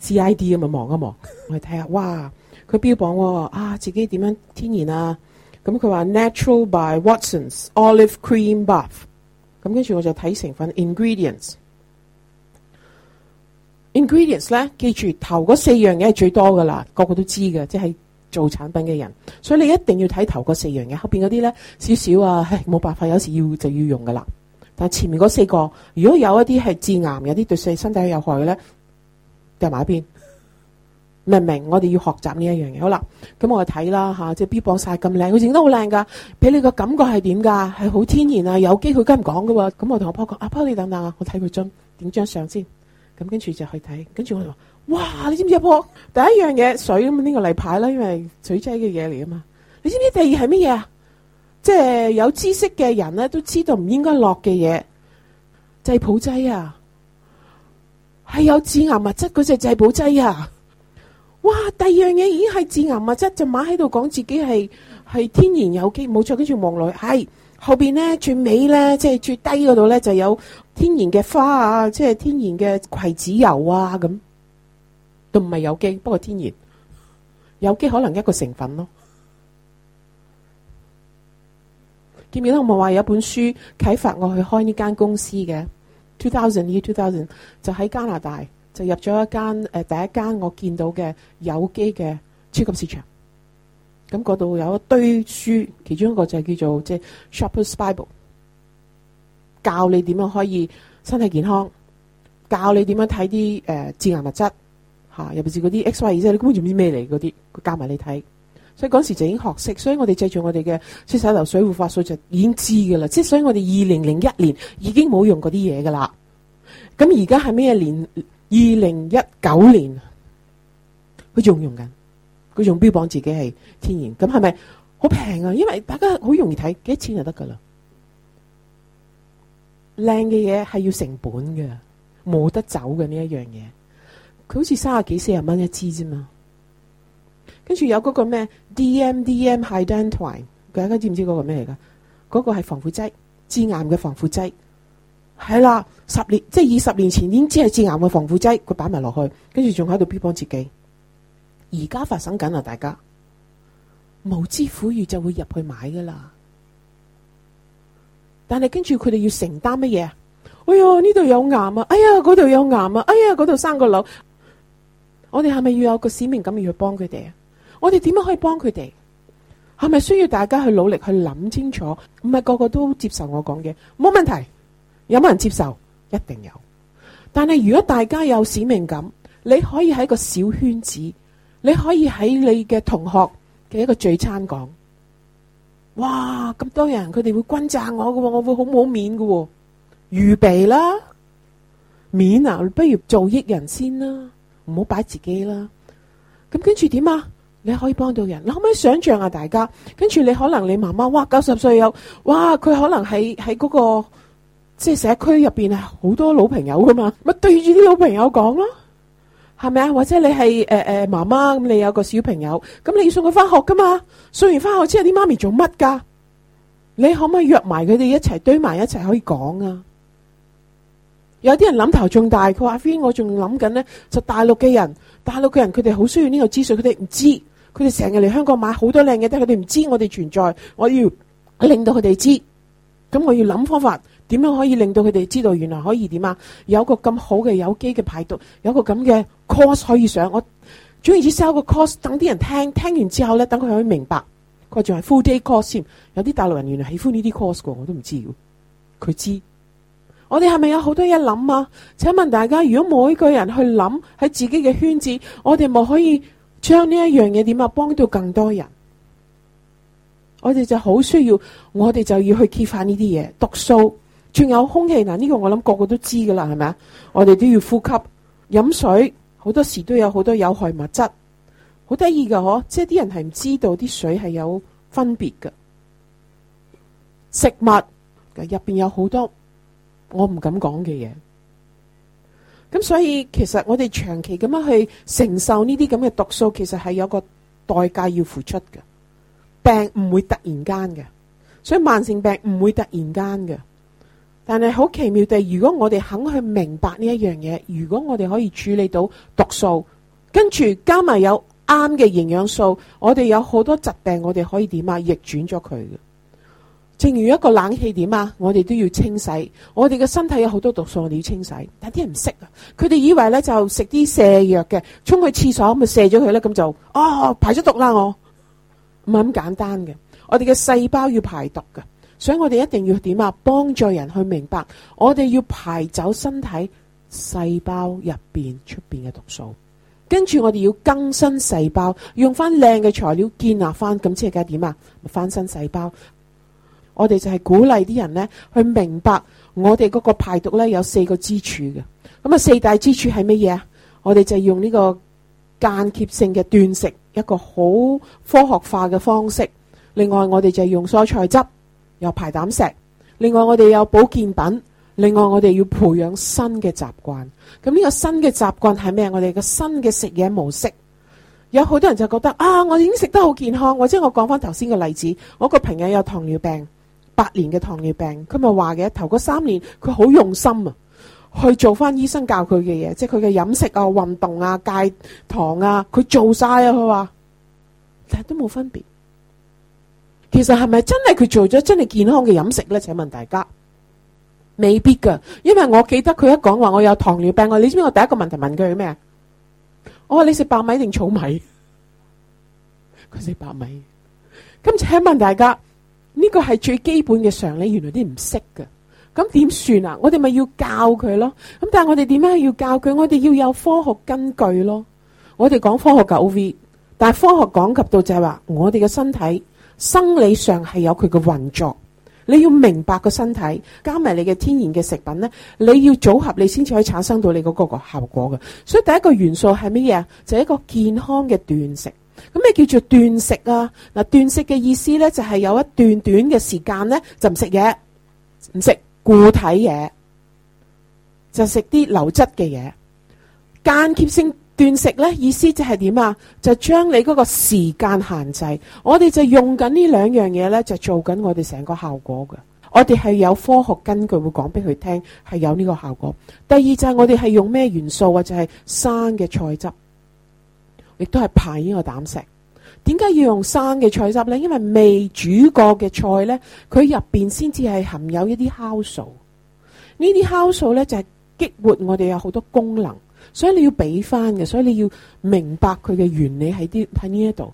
Speaker 1: CID 咁啊，望一望，我睇下哇。佢標榜喎啊，自己點樣天然啊？咁佢話 natural by Watsons olive cream bath。咁跟住我就睇成分 ingredients。ingredients 咧，記住頭嗰四樣嘢係最多噶啦，個個都知嘅，即係做產品嘅人。所以你一定要睇頭嗰四樣嘢，後邊嗰啲咧少少啊，冇辦法，有時要就要用噶啦。但係前面嗰四個，如果有一啲係致癌、有啲對細身體有害嘅咧，掉埋一邊。明唔明？我哋要學習呢一樣嘢好啦。咁我就睇啦嚇，即係 B 磅曬咁靚，佢整得好靚噶，俾你個感覺係點㗎？係好天然啊，有機會、啊。佢跟人講嘅喎。咁我同我婆講，阿婆你等等啊，我睇佢張點張相先。咁跟住就去睇，跟住我就話：哇！你知唔知啊，婆第一樣嘢水咁呢、呢個例牌啦，因為水劑嘅嘢嚟啊嘛。你知唔知第二係乜嘢啊？即係有知識嘅人咧，都知道唔應該落嘅嘢，製補劑啊，係有致癌物質嗰隻製補劑啊。哇！第二樣嘢已經係致癌物質，就買喺度講自己係係天然有機，冇錯。跟住望落去，係、哎、後邊咧最尾咧即係最低嗰度咧就有天然嘅花啊，即係天然嘅葵籽油啊咁，都唔係有機，不過天然有機可能一個成分咯。記唔記得我咪話有一本書啟發我去開呢間公司嘅？Two thousand year two thousand 就喺加拿大。入咗一間誒、呃、第一間，我見到嘅有機嘅超級市場咁嗰度有一堆書，其中一個就係叫做即係《Shopper's Bible》，教你點樣可以身體健康，教你點樣睇啲誒致癌物質嚇、啊，尤其是嗰啲 X、Y、即 Z，你估住唔知咩嚟嗰啲，佢教埋你睇。所以嗰時就已經學識，所以我哋製作我哋嘅洗手流水護髮素就已經知噶啦。即係所以我哋二零零一年已經冇用嗰啲嘢噶啦。咁而家係咩年？二零一九年，佢仲用緊，佢仲標榜自己係天然，咁係咪好平啊？因為大家好容易睇幾錢就得噶啦，靚嘅嘢係要成本嘅，冇得走嘅呢一樣嘢。佢好似三十幾四十蚊一支啫嘛，跟住有嗰個咩 DMDM Hydantoin，n 大家知唔知嗰個咩嚟噶？嗰、嗰個係防腐劑，致癌嘅防腐劑。係啦，十年即係二十年前，已經知係致癌嘅防腐劑，佢擺埋落去，跟住仲喺度編幫自己。而家發生緊啊！大家無知苦乳就會入去買噶啦，但係跟住佢哋要承擔乜嘢？哎唷，呢度有癌啊！哎呀，嗰度有癌啊！哎呀，嗰度生個瘤。我哋係咪要有個使命感要去幫佢哋啊？我哋點樣可以幫佢哋？係咪需要大家去努力去諗清楚？唔係個個都接受我講嘅，冇問題。有冇人接受？一定有。但係如果大家有使命感，你可以喺個小圈子，你可以喺你嘅同學嘅一個聚餐講：哇，咁多人，佢哋會均炸我嘅，我會好冇面嘅。預備啦，面啊，不如做益人先啦，唔好擺自己啦。咁跟住點啊？你可以幫到人。你可唔可以想象下大家？跟住你可能你媽媽，哇，九十歲有，哇，佢可能喺喺嗰個。即係社區入邊啊，好多老朋友噶嘛，咪對住啲老朋友講咯，係咪啊？或者你係誒誒，媽媽咁，你有個小朋友，咁你要送佢翻學噶嘛？送完翻學之後，啲媽咪做乜噶？你可唔可以約埋佢哋一齊堆埋一齊可以講啊？有啲人諗頭仲大，佢話阿飛，ian, 我仲諗緊呢，就大陸嘅人，大陸嘅人佢哋好需要呢個資訊，佢哋唔知，佢哋成日嚟香港買好多靚嘢，但係佢哋唔知我哋存在，我要令到佢哋知，咁我要諗方法。點樣可以令到佢哋知道？原來可以點啊？有個咁好嘅有機嘅排毒，有個咁嘅 course 可以上。我總之 sell 個 course，等啲人聽聽完之後咧，等佢可以明白。佢仲係 full day course 先。有啲大陸人原來喜歡呢啲 course 嘅，我都唔知。佢知我哋係咪有好多嘢諗啊？請問大家，如果每一個人去諗喺自己嘅圈子，我哋咪可以將呢一樣嘢點啊，幫到更多人？我哋就好需要，我哋就要去揭發呢啲嘢毒素。讀書仲有空氣嗱，呢個我諗個個都知噶啦，係咪啊？我哋都要呼吸飲水，好多時都有好多有害物質，好得意噶，嗬。即係啲人係唔知道啲水係有分別噶。食物入邊有好多我唔敢講嘅嘢。咁所以其實我哋長期咁樣去承受呢啲咁嘅毒素，其實係有個代價要付出嘅。病唔會突然間嘅，所以慢性病唔會突然間嘅。但係好奇妙地，如果我哋肯去明白呢一樣嘢，如果我哋可以處理到毒素，跟住加埋有啱嘅營養素，我哋有好多疾病，我哋可以點啊逆轉咗佢嘅。正如一個冷氣點啊，我哋都要清洗，我哋嘅身體有好多毒素，我哋要清洗，但啲人唔識啊，佢哋以為咧就食啲瀉藥嘅，沖去廁所咪瀉咗佢咧，咁就哦排咗毒啦我，唔係咁簡單嘅，我哋嘅細胞要排毒噶。所以我哋一定要點啊，幫助人去明白。我哋要排走身體細胞入邊出邊嘅毒素，跟住我哋要更新細胞，用翻靚嘅材料建立翻。咁即係而家點啊？翻新細胞，我哋就係鼓勵啲人咧去明白我哋嗰個排毒咧有四個支柱嘅。咁啊，四大支柱係乜嘢啊？我哋就係用呢個間歇性嘅斷食，一個好科學化嘅方式，另外我哋就係用蔬菜汁。有排膽石，另外我哋有保健品，另外我哋要培養新嘅習慣。咁呢個新嘅習慣係咩？我哋個新嘅食嘢模式。有好多人就覺得啊，我已經食得好健康。或者我講翻頭先嘅例子，我個朋友有糖尿病八年嘅糖尿病，佢咪話嘅頭嗰三年佢好用心啊，去做翻醫生教佢嘅嘢，即係佢嘅飲食啊、運動啊、戒糖啊，佢做晒啊，佢話，但係都冇分別。其實係咪真係佢做咗真係健康嘅飲食咧？請問大家未必噶因為我記得佢一講話我有糖尿病。我你知唔知我第一個問題問佢係咩啊？我話你食白米定糙米？佢食白米。咁、嗯、請問大家呢、呢個係最基本嘅常理，原來啲唔識噶咁點算啊？我哋咪要教佢咯。咁但係我哋點樣要教佢？我哋要有科學根據咯。我哋講科學九 V，但係科學講及到就係話我哋嘅身體。生理上係有佢嘅運作，你要明白個身體，加埋你嘅天然嘅食品咧，你要組合，你先至可以產生到你嗰個個效果嘅。所以第一個元素係乜嘢？就係一個健康嘅斷食。咁咩叫做斷食啊？嗱，斷食嘅意思咧，就係有一段短嘅時間咧就唔食嘢，唔食固體嘢，就食啲流質嘅嘢，間歇性。斷食咧，意思就係點啊？就將你嗰個時間限制，我哋就用緊呢兩樣嘢，呢就做緊我哋成個效果嘅。我哋係有科學根據會講俾佢聽，係有呢個效果。第二就係我哋係用咩元素啊？就係生嘅菜汁，亦都係排呢個膽石。點解要用生嘅菜汁呢？因為未煮過嘅菜呢，佢入邊先至係含有一啲酵素。呢啲酵素呢，就係激活我哋有好多功能。所以你要俾翻嘅，所以你要明白佢嘅原理喺啲喺呢一度。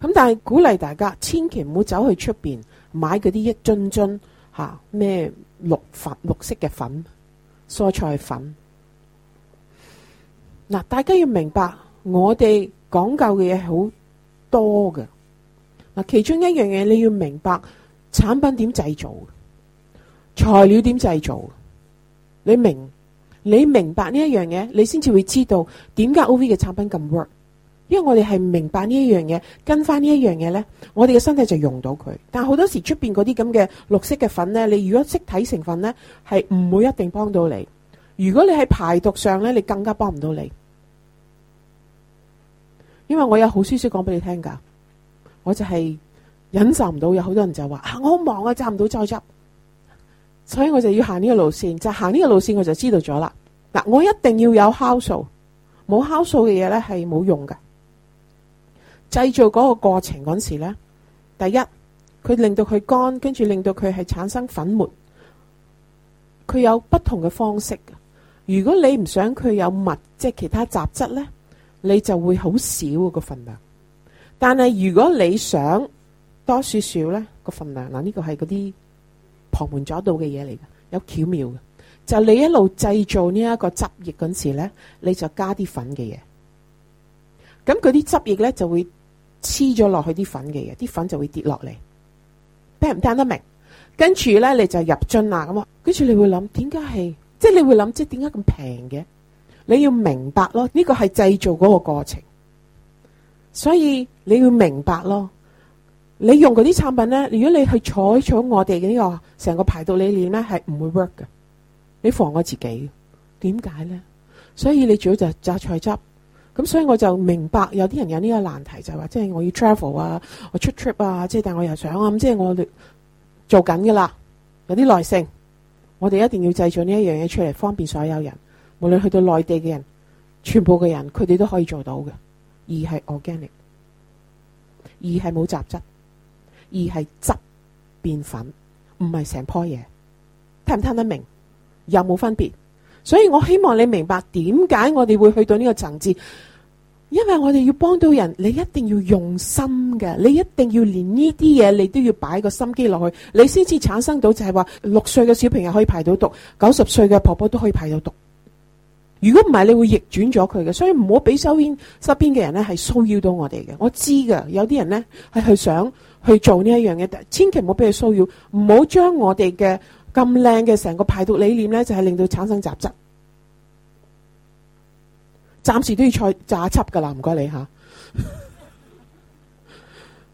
Speaker 1: 咁但係鼓勵大家，千祈唔好走去出邊買嗰啲一樽樽吓咩綠粉、綠色嘅粉、蔬菜粉。嗱，大家要明白，我哋講究嘅嘢好多嘅。嗱，其中一樣嘢你要明白，產品點製造，材料點製造，你明。你明白呢一樣嘢，你先至會知道點解 OV 嘅產品咁 work。因為我哋係明白呢一樣嘢，跟翻呢一樣嘢呢，我哋嘅身體就用到佢。但好多時出邊嗰啲咁嘅綠色嘅粉呢，你如果識睇成分呢，係唔會一定幫到你。如果你喺排毒上呢，你更加幫唔到你。因為我有好消息講俾你聽㗎，我就係忍受唔到有好多人就話啊，我好忙啊，揸唔到再執。所以我就要行呢個路線，就行呢個路線我就知道咗啦。嗱，我一定要有酵素，冇酵素嘅嘢咧係冇用嘅。製造嗰個過程嗰時咧，第一佢令到佢乾，跟住令到佢係產生粉末。佢有不同嘅方式嘅。如果你唔想佢有物，即係其他雜質咧，你就會好少個、啊、份量。但係如果你想多少少咧個份量，嗱、這、呢個係嗰啲。旁門咗到嘅嘢嚟噶，有巧妙嘅。就是、你一路製造呢一個汁液嗰時咧，你就加啲粉嘅嘢。咁佢啲汁液咧就會黐咗落去啲粉嘅嘢，啲粉就會跌落嚟。聽唔聽得明？跟住咧你就入樽啦。咁啊，跟住你會諗，點解係？即、就、係、是、你會諗，即係點解咁平嘅？你要明白咯，呢、這個係製造嗰個過程。所以你要明白咯。你用嗰啲產品咧，如果你去採取我哋嘅呢個成個排毒理念咧，係唔會 work 嘅。你防我自己點解咧？所以你主要就榨菜汁咁。所以我就明白有啲人有呢個難題，就係話即係我要 travel 啊，我出 trip 啊，即係但我又想啊，咁即係我做緊嘅啦。有啲耐性，我哋一定要製造呢一樣嘢出嚟，方便所有人，無論去到內地嘅人，全部嘅人佢哋都可以做到嘅。而係 organic，而係冇雜質。而係汁變粉，唔係成棵嘢，聽唔聽得明？有冇分別？所以我希望你明白點解我哋會去到呢個層次，因為我哋要幫到人，你一定要用心嘅，你一定要連呢啲嘢，你都要擺個心機落去，你先至產生到就係話六歲嘅小朋友可以排到毒，九十歲嘅婆婆都可以排到毒。如果唔係，你會逆轉咗佢嘅，所以唔好俾身邊身邊嘅人咧係騷擾到我哋嘅。我知㗎，有啲人咧係去想。去做呢一樣嘢，千祈唔好俾佢騷擾，唔好將我哋嘅咁靚嘅成個排毒理念咧，就係令到產生雜質。暫時都要菜榨汁噶啦，唔該你吓。哈哈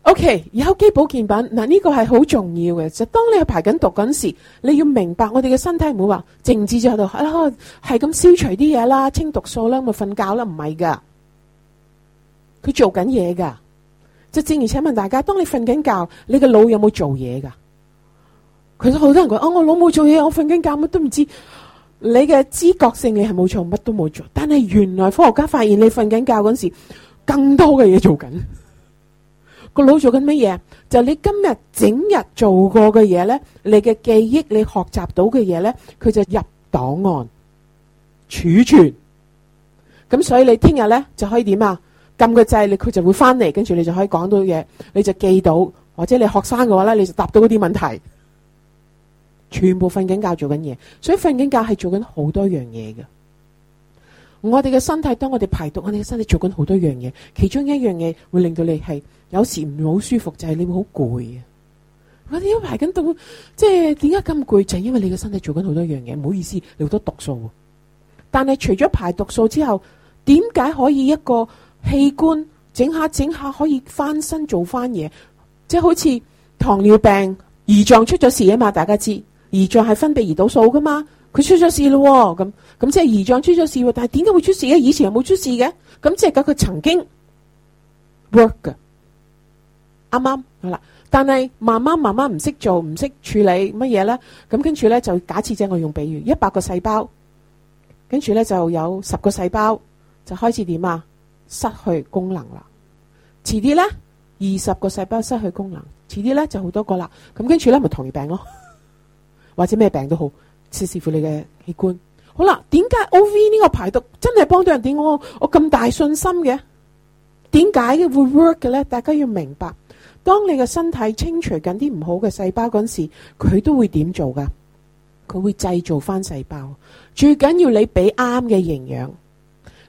Speaker 1: OK，有機保健品嗱，呢、呢個係好重要嘅。就當你去排緊毒嗰時，你要明白我哋嘅身體唔好話靜止喺度，啊係咁消除啲嘢啦，清毒素啦，咪瞓覺啦，唔係噶，佢做緊嘢噶。就正如，請問大家，當你瞓緊覺，你個腦有冇做嘢噶？其實好多人講，哦，我腦冇做嘢，我瞓緊覺，乜都唔知。你嘅知覺性你，你係冇錯，乜都冇做。但係原來科學家發現，你瞓緊覺嗰時，更多嘅嘢做緊。個 腦做緊乜嘢？就是、你今日整日做過嘅嘢咧，你嘅記憶、你學習到嘅嘢咧，佢就入檔案儲存。咁所以你聽日咧就可以點啊？咁個掣，你佢就會翻嚟，跟住你就可以講到嘢，你就記到，或者你學生嘅話咧，你就答到嗰啲問題。全部瞓緊覺，覺做緊嘢，所以瞓緊覺係做緊好多樣嘢嘅。我哋嘅身體，當我哋排毒，我哋嘅身體做緊好多樣嘢，其中一樣嘢會令到你係有時唔好舒服，就係、是、你會好攰啊。我哋都排緊毒，即係點解咁攰？就係、是、因為你嘅身體做緊好多樣嘢。唔好意思，你好多毒素。但係除咗排毒素之後，點解可以一個？器官整下整下可以翻身做翻嘢，即係好似糖尿病胰臟出咗事啊嘛。大家知胰臟係分泌胰島素噶嘛，佢出咗事咯咁咁，即係胰臟出咗事。但係點解會出事咧？以前又冇出事嘅，咁即係佢曾經 work 嘅啱啱好啦。但係慢慢慢慢唔識做唔識處理乜嘢咧，咁跟住咧就假設即係我用比喻一百個細胞，跟住咧就有十個細胞就開始點啊？失去功能啦，遲啲咧二十個細胞失去功能，遲啲咧就好多個啦，咁跟住咧咪糖尿病咯， 或者咩病都好，似視乎你嘅器官。好啦，點解 O V 呢個排毒真係幫到人，點解我我咁大信心嘅？點解佢會 work 嘅咧？大家要明白，當你嘅身體清除緊啲唔好嘅細胞嗰陣時，佢都會點做噶？佢會製造翻細胞，最緊要你俾啱嘅營養。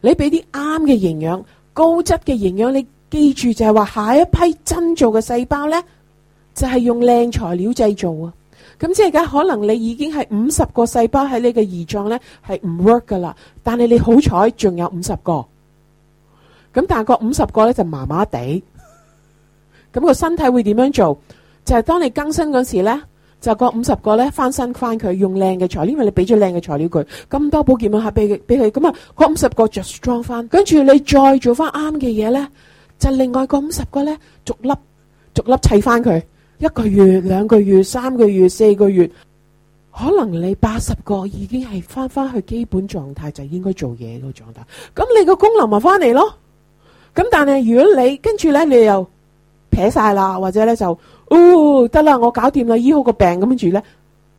Speaker 1: 你俾啲啱嘅營養，高質嘅營養，你記住就係話下一批真做嘅細胞呢，就係、是、用靚材料製造啊。咁即係而家可能你已經係五十個細胞喺你嘅胰臟呢，係唔 work 噶啦，但係你好彩仲有五十個。咁但係五十個呢，就麻麻地，咁、那個身體會點樣做？就係、是、當你更新嗰時呢。就嗰五十個咧，翻身翻佢，用靚嘅材料，因為你俾咗靚嘅材料佢，咁多保健品吓俾佢俾佢，咁啊，嗰五十個着裝翻，跟住你再做翻啱嘅嘢咧，就另外個五十個咧逐粒逐粒砌翻佢，一個月、兩個月、三個月、四個月，可能你八十個已經係翻翻去基本狀態，就應該做嘢個狀態，咁你個功能咪翻嚟咯？咁但係，如果你跟住咧，你又。撇晒啦，或者咧就哦得啦，我搞掂啦，醫好個病。咁跟住咧，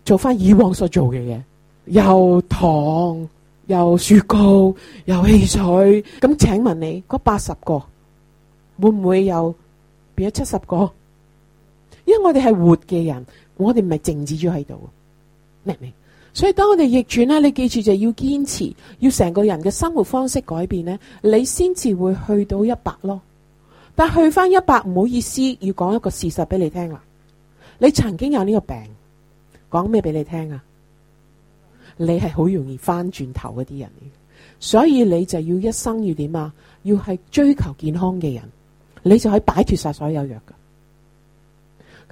Speaker 1: 做翻以往所做嘅嘢，又糖又雪糕又汽水，咁請問你嗰八十個會唔會又變咗七十個？因為我哋係活嘅人，我哋唔係靜止咗喺度，明唔明？所以當我哋逆轉咧，你記住就係要堅持，要成個人嘅生活方式改變咧，你先至會去到一百咯。但去翻一百唔好意思，要講一個事實俾你聽啦。你曾經有呢個病，講咩俾你聽啊？你係好容易翻轉頭嗰啲人嚟，所以你就要一生要點啊？要係追求健康嘅人，你就可以擺脫晒所有藥噶。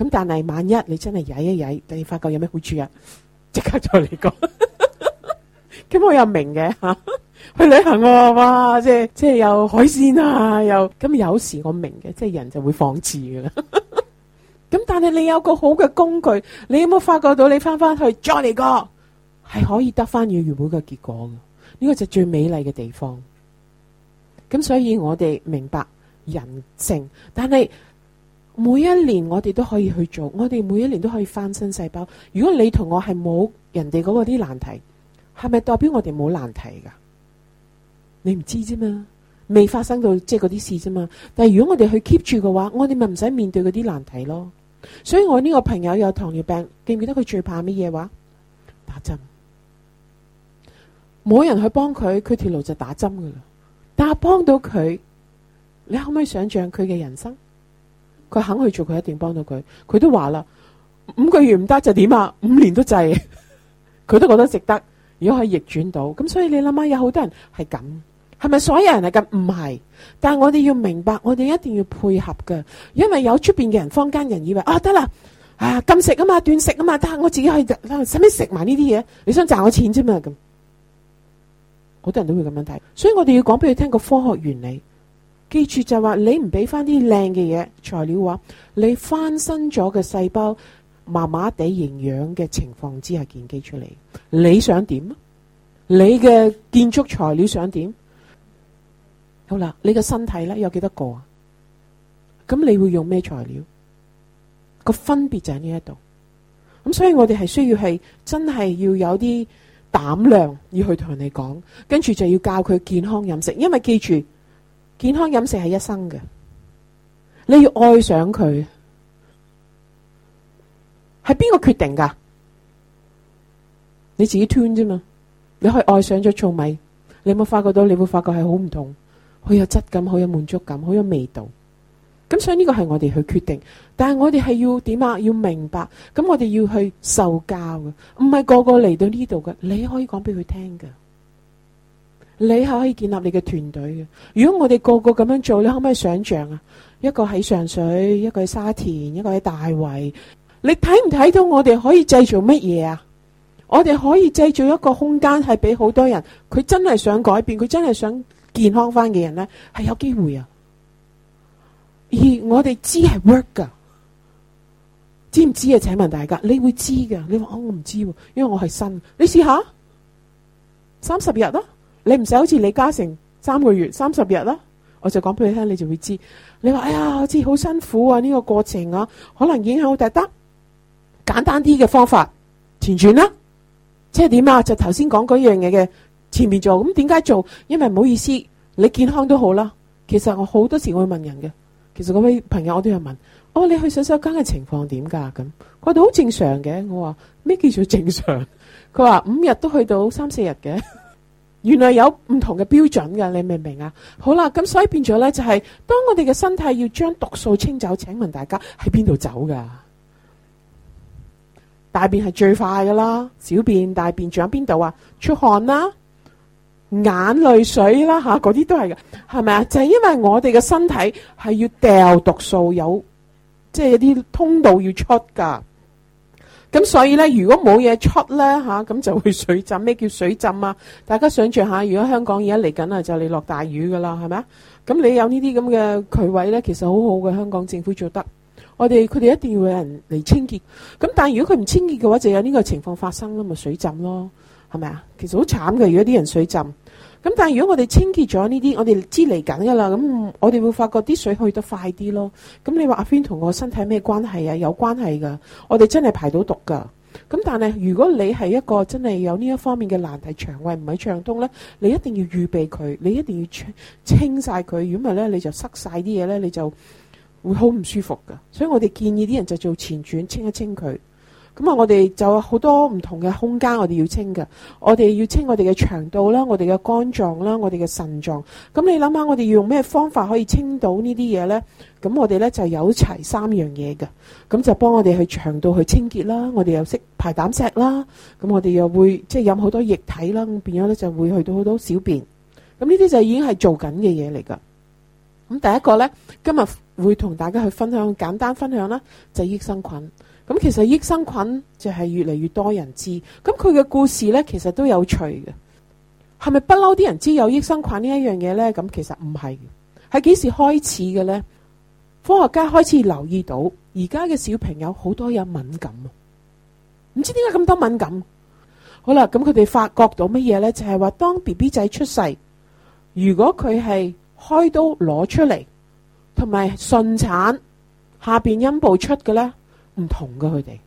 Speaker 1: 咁但係萬一你真係曳一曳，你發覺有咩好處 啊？即刻再嚟講，咁我又明嘅吓。去旅行，啊、哇，即係即係有海鮮啊，又咁有時我明嘅，即係人就會放肆噶啦。咁 但係你有個好嘅工具，你有冇發覺到你？你翻翻去 j o 再嚟過，係可以得翻你原本嘅結果嘅。呢、呢個就最美麗嘅地方。咁所以我哋明白人性，但係每一年我哋都可以去做，我哋每一年都可以翻新細胞。如果你同我係冇人哋嗰個啲難題，係咪代表我哋冇難題噶？你唔知啫嘛，未發生到即係嗰啲事啫嘛。但係如果我哋去 keep 住嘅話，我哋咪唔使面對嗰啲難題咯。所以我呢個朋友有糖尿病，記唔記得佢最怕乜嘢話？打針，冇人去幫佢，佢條路就打針噶啦。但係幫到佢，你可唔可以想象佢嘅人生？佢肯去做，佢一定幫到佢。佢都話啦，五個月唔得就點啊？五年都滯，就是，佢 都覺得值得。如果可以逆轉到，咁所以你諗下，有好多人係咁。係咪所有人嚟噶？唔係，但係我哋要明白，我哋一定要配合嘅，因為有出邊嘅人，坊間人以為啊，得啦，啊禁食啊嘛，斷食啊嘛，得，我自己去使咪食埋呢啲嘢，你想賺我錢啫嘛？咁好多人都會咁樣睇，所以我哋要講俾佢聽個科學原理，記住就係話你唔俾翻啲靚嘅嘢材料，啊，話你翻新咗嘅細胞麻麻地營養嘅情況之下建基出嚟，你想點？你嘅建築材料想點？好啦，你個身體咧有幾多個啊？咁你會用咩材料？個分別就喺呢一度咁，所以我哋係需要係真係要有啲膽量，要去同人哋講，跟住就要教佢健康飲食，因為記住健康飲食係一生嘅，你要愛上佢係邊個決定噶？你自己吞啫嘛，你可以愛上咗糙米，你有冇發覺到？你會發覺係好唔同。好有質感，好有滿足感，好有味道。咁所以呢個係我哋去決定，但係我哋係要點啊？要明白。咁我哋要去受教嘅，唔係個個嚟到呢度嘅。你可以講俾佢聽嘅，你係可以建立你嘅團隊嘅。如果我哋個個咁樣做，你可唔可以想象啊？一個喺上水，一個喺沙田，一個喺大圍，你睇唔睇到我哋可以製造乜嘢啊？我哋可以製造一個空間，係俾好多人，佢真係想改變，佢真係想。健康翻嘅人咧，係有機會啊！而我哋知係 work 噶，知唔知啊？請問大家，你會知噶？你話哦，我唔知，啊，因為我係新。你試下三十日啦，啊，你唔使好似李嘉誠三個月，三十日啦，啊，我就講俾你聽，你就會知。你話哎呀，好似好辛苦啊，呢，這個過程啊，可能影響好大得。簡單啲嘅方法，前傳啦，啊，即係點啊？就頭先講嗰樣嘢嘅。前面做咁點解做？因為唔好意思，你健康都好啦。其實我好多時我會問人嘅，其實嗰位朋友我都有問，哦，你去洗手間嘅情況點噶？咁佢話好正常嘅，我話咩叫做正常？佢話五日都去到三四日嘅，原來有唔同嘅標準噶你明唔明啊？好啦，咁所以變咗呢，就係、是，當我哋嘅身體要將毒素清走，請問大家喺邊度走噶？大便係最快噶啦，小便、大便仲喺邊度啊？出汗啦。眼淚水啦吓，嗰啲都係嘅，係咪啊？就係、是、因為我哋嘅身體係要掉毒素，有即係、就是、一啲通道要出噶。咁所以呢，如果冇嘢出呢，吓、啊，咁就會水浸。咩叫水浸啊？大家想象下，如果香港而家嚟緊啊，就嚟落大雨噶啦，係咪啊？咁你有呢啲咁嘅渠位呢，其實好好嘅。香港政府做得，我哋佢哋一定要有人嚟清潔。咁但係如果佢唔清潔嘅話，就有呢個情況發生啦，咪水浸咯，係咪啊？其實好慘嘅，如果啲人水浸。咁但係如果我哋清潔咗呢啲，我哋知嚟緊噶啦，咁我哋會發覺啲水去得快啲咯。咁你話阿芬同我身體咩關係啊？有關係噶，我哋真係排到毒噶。咁但係如果你係一個真係有呢一方面嘅難題，腸胃唔係暢通呢，你一定要預備佢，你一定要清晒佢。如果唔係呢，你就塞晒啲嘢呢，你就會好唔舒服噶。所以我哋建議啲人就做前轉，清一清佢。咁啊，我哋就有好多唔同嘅空間，我哋要清㗎。我哋要清我哋嘅腸道啦，我哋嘅肝臟啦，我哋嘅腎臟。咁你諗下，我哋要用咩方法可以清到呢啲嘢呢？咁我哋呢就有齊三樣嘢嘅，咁就幫我哋去腸道去清潔啦。我哋又識排膽石啦，咁我哋又會即係飲好多液體啦，咁變咗呢就會去到好多小便。咁呢啲就已經係做緊嘅嘢嚟噶。咁第一個呢，今日會同大家去分享，簡單分享啦，就益生菌。咁其實益生菌就係越嚟越多人知，咁佢嘅故事呢，其實都有趣嘅。係咪不嬲啲人知有益生菌呢一樣嘢呢？咁其實唔係，係幾時開始嘅呢？科學家開始留意到，而家嘅小朋友好多有敏感，唔知點解咁多敏感。好啦，咁佢哋發覺到乜嘢呢？就係話當 BB 仔出世，如果佢係開刀攞出嚟，同埋順產下邊陰部出嘅呢。唔同噶，佢哋，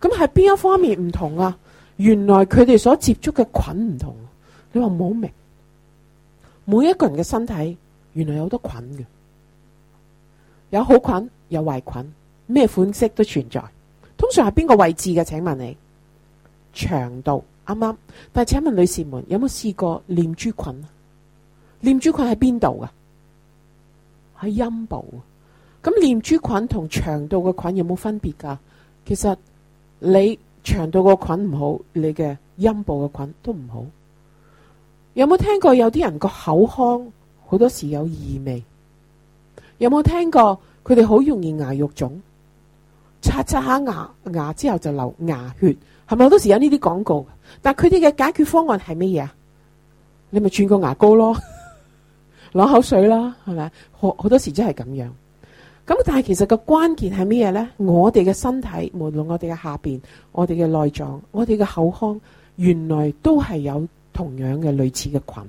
Speaker 1: 咁係邊一方面唔同啊？原來佢哋所接觸嘅菌唔同啊。你話唔好明，每一個人嘅身體原來有好多菌嘅，有好菌有壞菌，咩款式都存在。通常係邊個位置嘅？請問你，腸道，啱啱。但係請問女士們，有冇試過念珠菌？念珠菌喺邊度啊？喺陰部。咁念珠菌同腸道嘅菌有冇分別㗎？其實你腸道個菌唔好，你嘅陰部嘅菌都唔好。有冇聽過有啲人個口腔好多時有異味？有冇聽過佢哋好容易牙肉腫？刷刷下牙牙之後就流牙血，係咪好多時有呢啲廣告？但佢哋嘅解決方案係乜嘢啊？你咪轉個牙膏咯，攞口水啦，係咪？好好多時真係咁樣。咁但係其實個關鍵係咩咧？我哋嘅身體，無論我哋嘅下邊，我哋嘅內臟，我哋嘅口腔，原來都係有同樣嘅類似嘅菌。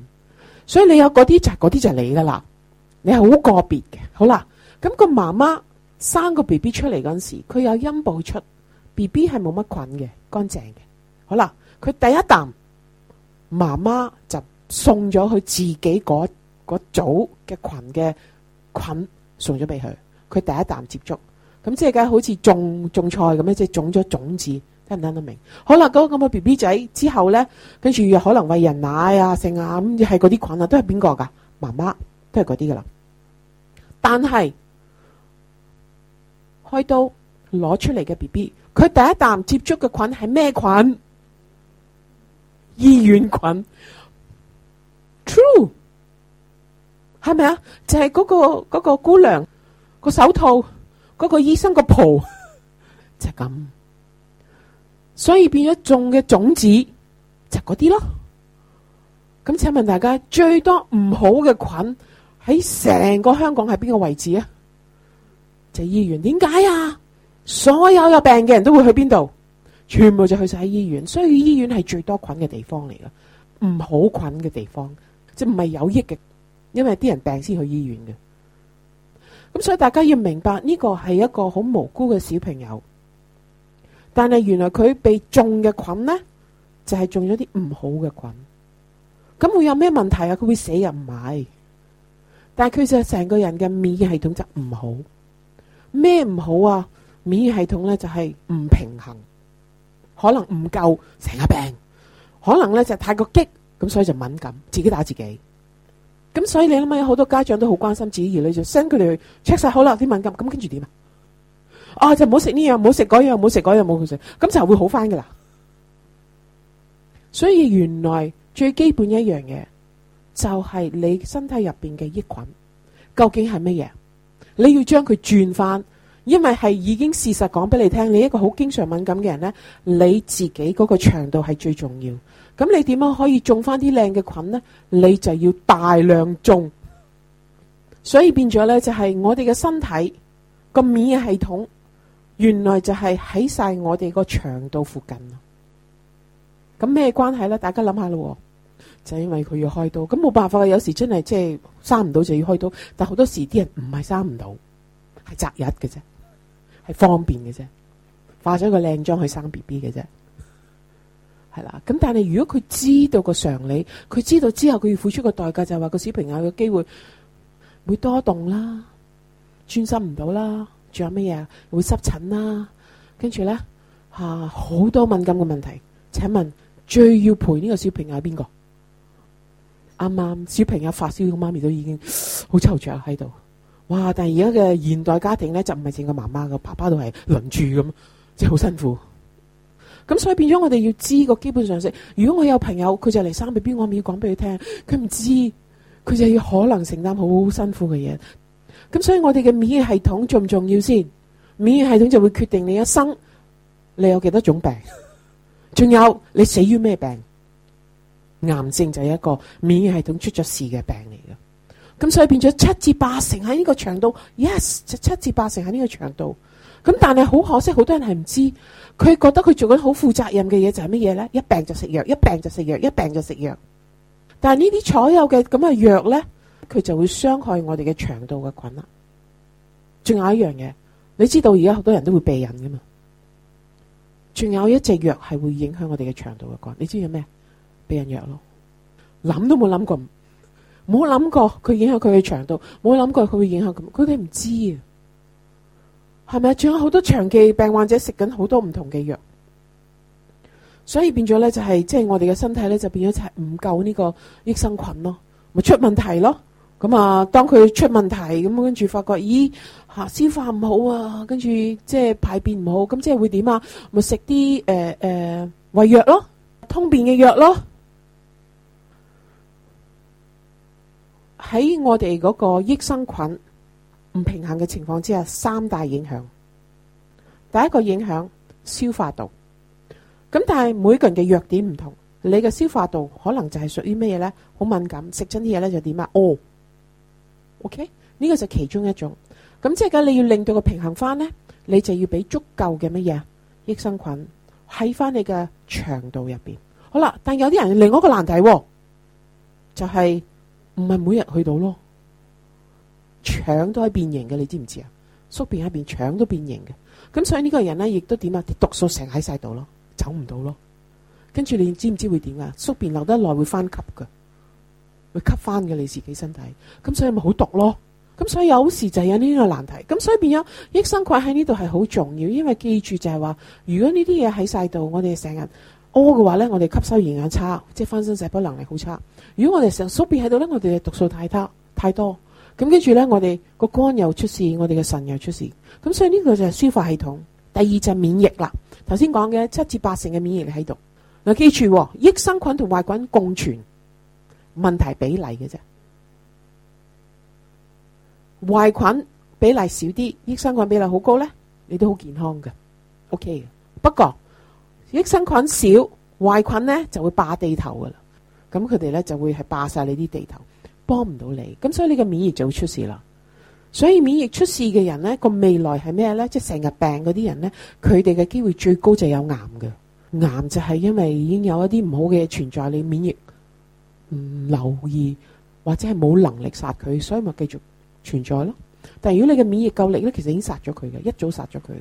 Speaker 1: 所以你有嗰啲就係嗰啲就係你噶啦。你係好個別嘅。好啦，咁、那個媽媽生個 B B 出嚟嗰陣時，佢有陰部出 B B 係冇乜菌嘅，乾淨嘅。好啦，佢第一啖，媽媽就送咗佢自己嗰個組嘅菌嘅菌送咗俾佢。佢第一啖接觸，咁即係咁，好似種種菜咁咧，即係種咗種子，聽唔聽得明？好啦，嗰個咁嘅 B B 仔之後咧，跟住可能餵人奶啊、食啊，咁係嗰啲菌啊，都係邊個噶？媽媽都係嗰啲噶啦。但係開刀攞出嚟嘅 B B，佢第一啖接觸嘅菌係咩菌？醫院菌，true，係咪啊？就係嗰個嗰個姑娘。個手套，嗰、那個醫生個袍 就咁，所以變咗種嘅種子就嗰、是、啲咯。咁請問大家最多唔好嘅菌喺成個香港係邊個位置啊？就是、醫院，點解啊？所有有病嘅人都會去邊度？全部就去晒喺醫院，所以醫院係最多菌嘅地方嚟噶，唔好菌嘅地方即唔係有益嘅，因為啲人病先去醫院嘅。咁所以大家要明白呢、這個係一個好無辜嘅小朋友，但係原來佢被種嘅菌呢，就係種咗啲唔好嘅菌，咁會有咩問題啊？佢會死又唔係，但係佢就成個人嘅免疫系統就唔好，咩唔好啊？免疫系統咧就係唔平衡，可能唔夠成日病，可能咧就太過激，咁所以就敏感，自己打自己。咁所以你諗下，有好多家長都好關心自己兒女，就 send 佢哋 check 晒好啦啲敏感，咁跟住點啊？啊就唔好食呢樣，唔好食嗰樣，唔好食嗰樣，唔好去食，咁、這個這個這個、就會好翻噶啦。所以原來最基本一樣嘢，就係、是、你身體入邊嘅益菌，究竟係乜嘢？你要將佢轉翻。因為係已經事實講俾你聽，你一個好經常敏感嘅人呢，你自己嗰個腸道係最重要。咁你點樣可以種翻啲靚嘅菌呢？你就要大量種。所以變咗呢，就係、是、我哋嘅身體個免疫系統，原來就係喺晒我哋個腸道附近。咁咩關係呢？大家諗下咯。就是、因為佢要開刀，咁冇辦法。有時真係即係生唔到就要開刀，但好多時啲人唔係生唔到，係擇日嘅啫。係方便嘅啫，化咗個靚妝去生 B B 嘅啫，係啦。咁但係如果佢知道個常理，佢知道之後，佢要付出個代價就係話個小朋友嘅機會會多動啦，專心唔到啦，仲有乜嘢會濕疹啦，跟住咧吓好多敏感嘅問題。請問最要陪呢個小朋友係邊個？啱啱，小朋友發燒，個媽咪都已經好惆悵喺度。哇！但係而家嘅現代家庭咧，就唔係整個媽媽嘅，爸爸都係輪住咁，即係好辛苦。咁 所以變咗我哋要知個基本常識。如果我有朋友，佢就嚟生病，邊個我要講俾佢聽？佢唔知，佢就要可能承擔好辛苦嘅嘢。咁 所以我哋嘅免疫系統重唔重要先？免疫系統就會決定你一生，你有幾多種病，仲有你死於咩病？癌症就係一個免疫系統出咗事嘅病。咁所以變咗七至八成喺呢個腸道，yes，就七至八成喺呢個腸道。咁但係好可惜，好多人係唔知，佢覺得佢做緊好負責任嘅嘢就係乜嘢咧？一病就食藥，一病就食藥，一病就食藥。但係呢啲所有嘅咁嘅藥咧，佢就會傷害我哋嘅腸道嘅菌啦。仲有一樣嘢，你知道而家好多人都會避孕噶嘛？仲有一隻藥係會影響我哋嘅腸道嘅菌，你知唔知咩？避孕藥咯，諗都冇諗過。冇諗過佢影響佢嘅腸道，冇諗過佢會影響佢。佢哋唔知啊，係咪？仲有好多長期病患者食緊好多唔同嘅藥，所以變咗咧就係即係我哋嘅身體咧就變咗就係唔夠呢個益生菌咯，咪出問題咯。咁啊，當佢出問題咁，跟住發覺咦吓、啊、消化唔好啊，跟住即係排便唔好，咁即係會點啊？咪食啲誒誒胃藥咯，通便嘅藥咯。喺我哋嗰個益生菌唔平衡嘅情況之下，三大影響。第一個影響消化道。咁但係每個人嘅弱點唔同，你嘅消化道可能就係屬於咩嘢咧？好敏感，食親啲嘢咧就點啊哦，OK，呢個就其中一種。咁即係咁，你要令到佢平衡翻咧，你就要俾足夠嘅乜嘢益生菌喺翻你嘅腸道入邊。好啦，但有啲人另外一個難題，就係、是。唔係每日去到咯，腸都係變形嘅，你知唔知啊？宿便喺邊，腸都變形嘅，咁所以呢個人咧，亦都點啊？啲毒素成喺晒度咯，走唔到咯。跟住你知唔知會點啊？宿便留得耐會翻吸㗎，會吸翻㗎你自己身體，咁所以咪好毒咯。咁所以有時就係有呢個難題，咁所以變咗益生菌喺呢度係好重要，因為記住就係話，如果呢啲嘢喺晒度，我哋成日。屙嘅話咧，我哋吸收營養差，即係翻新細胞能力好差。如果我哋成日宿便喺度咧，我哋嘅毒素太差太多。咁跟住咧，我哋個肝又出事，我哋嘅腎又出事。咁所以呢個就係消化系統。第二就係免疫啦。頭先講嘅七至八成嘅免疫力喺度。嗱，記住，哦，益生菌同壞菌共存，問題比例嘅啫。壞菌比例少啲，益生菌比例好高咧，你都好健康嘅。O K。不過。益生菌少，壞菌呢就會霸地頭噶啦。咁佢哋呢就會係霸晒你啲地頭，幫唔到你。咁所以你嘅免疫就會出事啦。所以免疫出事嘅人呢，個未來係咩呢？即係成日病嗰啲人呢，佢哋嘅機會最高就有癌嘅。癌就係因為已經有一啲唔好嘅存在，你免疫唔留意或者係冇能力殺佢，所以咪繼續存在咯。但係如果你嘅免疫夠力呢，其實已經殺咗佢嘅，一早殺咗佢。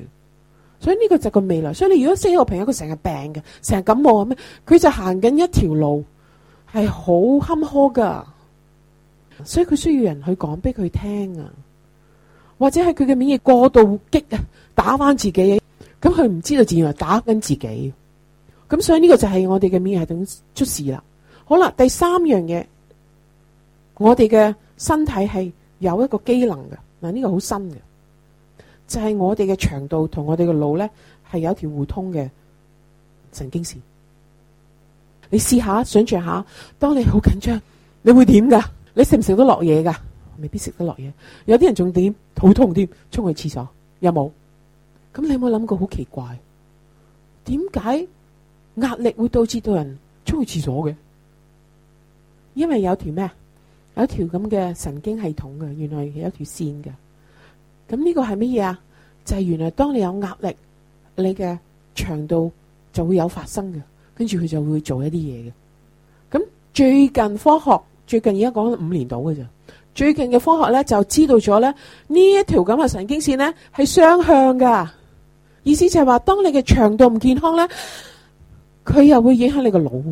Speaker 1: 所以呢個就個未來。所以你如果識一個朋友，佢成日病嘅，成日感冒啊咩，佢就行緊一條路，係好坎坷噶。所以佢需要人去講俾佢聽啊，或者係佢嘅免疫過度激啊，打返自己，咁佢唔知道自己原來打緊自己。咁所以呢個就係我哋嘅免疫系統出事啦。好啦，第三樣嘢，我哋嘅身體係有一個機能嘅嗱，呢個好新嘅。就係我哋嘅腸道同我哋嘅腦呢，係有條互通嘅神經線。你試下想象下，當你好緊張，你會點噶？你食唔食得落嘢噶？未必食得落嘢。有啲人仲點？肚痛添，沖去廁所有冇？咁你有冇諗過好奇怪？點解壓力會導致到人沖去廁所嘅？因為有條咩？有條咁嘅神經系統嘅，原來有條線嘅。咁呢個係乜嘢啊？就係、是、原來當你有壓力，你嘅腸道就會有發生嘅，跟住佢就會做一啲嘢嘅。咁最近科學最近而家講五年到嘅咋。最近嘅科學咧就知道咗咧，呢一條咁嘅神經線咧係雙向嘅，意思就係話當你嘅腸道唔健康咧，佢又會影響你個腦。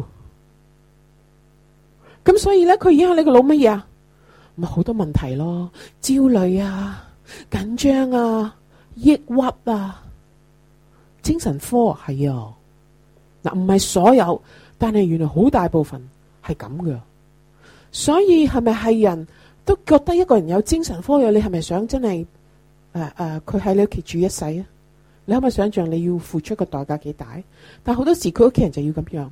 Speaker 1: 咁所以咧，佢影響你個腦乜嘢啊？咪好多問題咯，焦慮啊！緊張啊，抑鬱啊，精神科係啊，嗱唔係所有，但係原來好大部分係咁嘅，所以係咪係人都覺得一個人有精神科嘅，你係咪想真係誒誒佢喺你屋企住一世啊？你可唔可以想象你要付出個代價幾大？但好多時佢屋企人就要咁樣。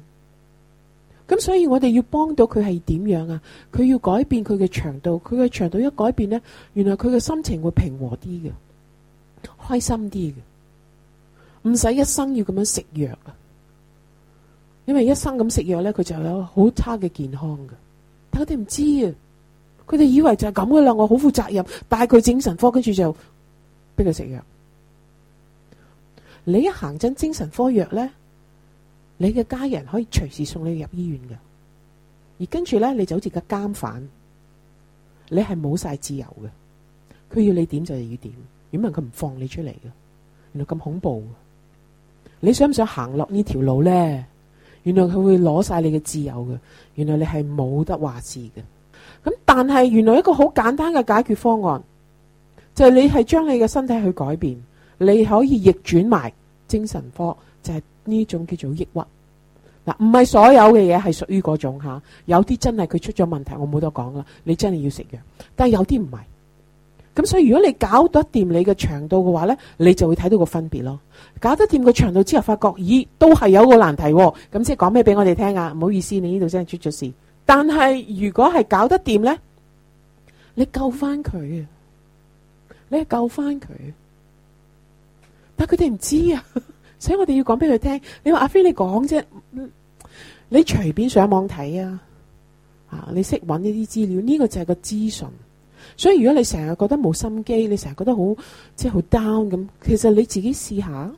Speaker 1: 咁所以我哋要幫到佢係點樣啊？佢要改變佢嘅腸道，佢嘅腸道一改變呢，原來佢嘅心情會平和啲嘅，開心啲嘅，唔使一生要咁樣食藥啊！因為一生咁食藥呢，佢就有好差嘅健康噶。但係我哋唔知啊，佢哋以為就係咁噶啦，我好負責任帶佢精神科，跟住就俾佢食藥。你一行進精神科藥呢？你嘅家人可以隨時送你入醫院嘅，而跟住呢，你就好似個監犯，你係冇晒自由嘅。佢要你點就要點，點解佢唔放你出嚟嘅？原來咁恐怖，你想唔想行落呢條路呢？原來佢會攞晒你嘅自由嘅，原來你係冇得話事嘅。咁但係原來一個好簡單嘅解決方案，就係你係將你嘅身體去改變，你可以逆轉埋精神科，就係。呢種叫做抑鬱，嗱，唔係所有嘅嘢係屬於嗰種吓、啊，有啲真係佢出咗問題，我冇得講啦，你真係要食藥。但係有啲唔係，咁所以如果你搞得掂你嘅長度嘅話呢，你就會睇到個分別咯。搞得掂個長度之後，發覺咦，都係有個難題、啊。咁即係講咩俾我哋聽啊？唔好意思，你呢度真係出咗事。但係如果係搞得掂呢，你救翻佢，你救翻佢，但佢哋唔知啊。所以我哋要講俾佢聽，你話，阿飛你講啫，你隨、嗯、便上網睇啊，吓、啊、你識搵呢啲資料，呢、這個就係個資訊。所以如果你成日覺得冇心機，你成日覺得好即係好 down 咁，其實你自己試下。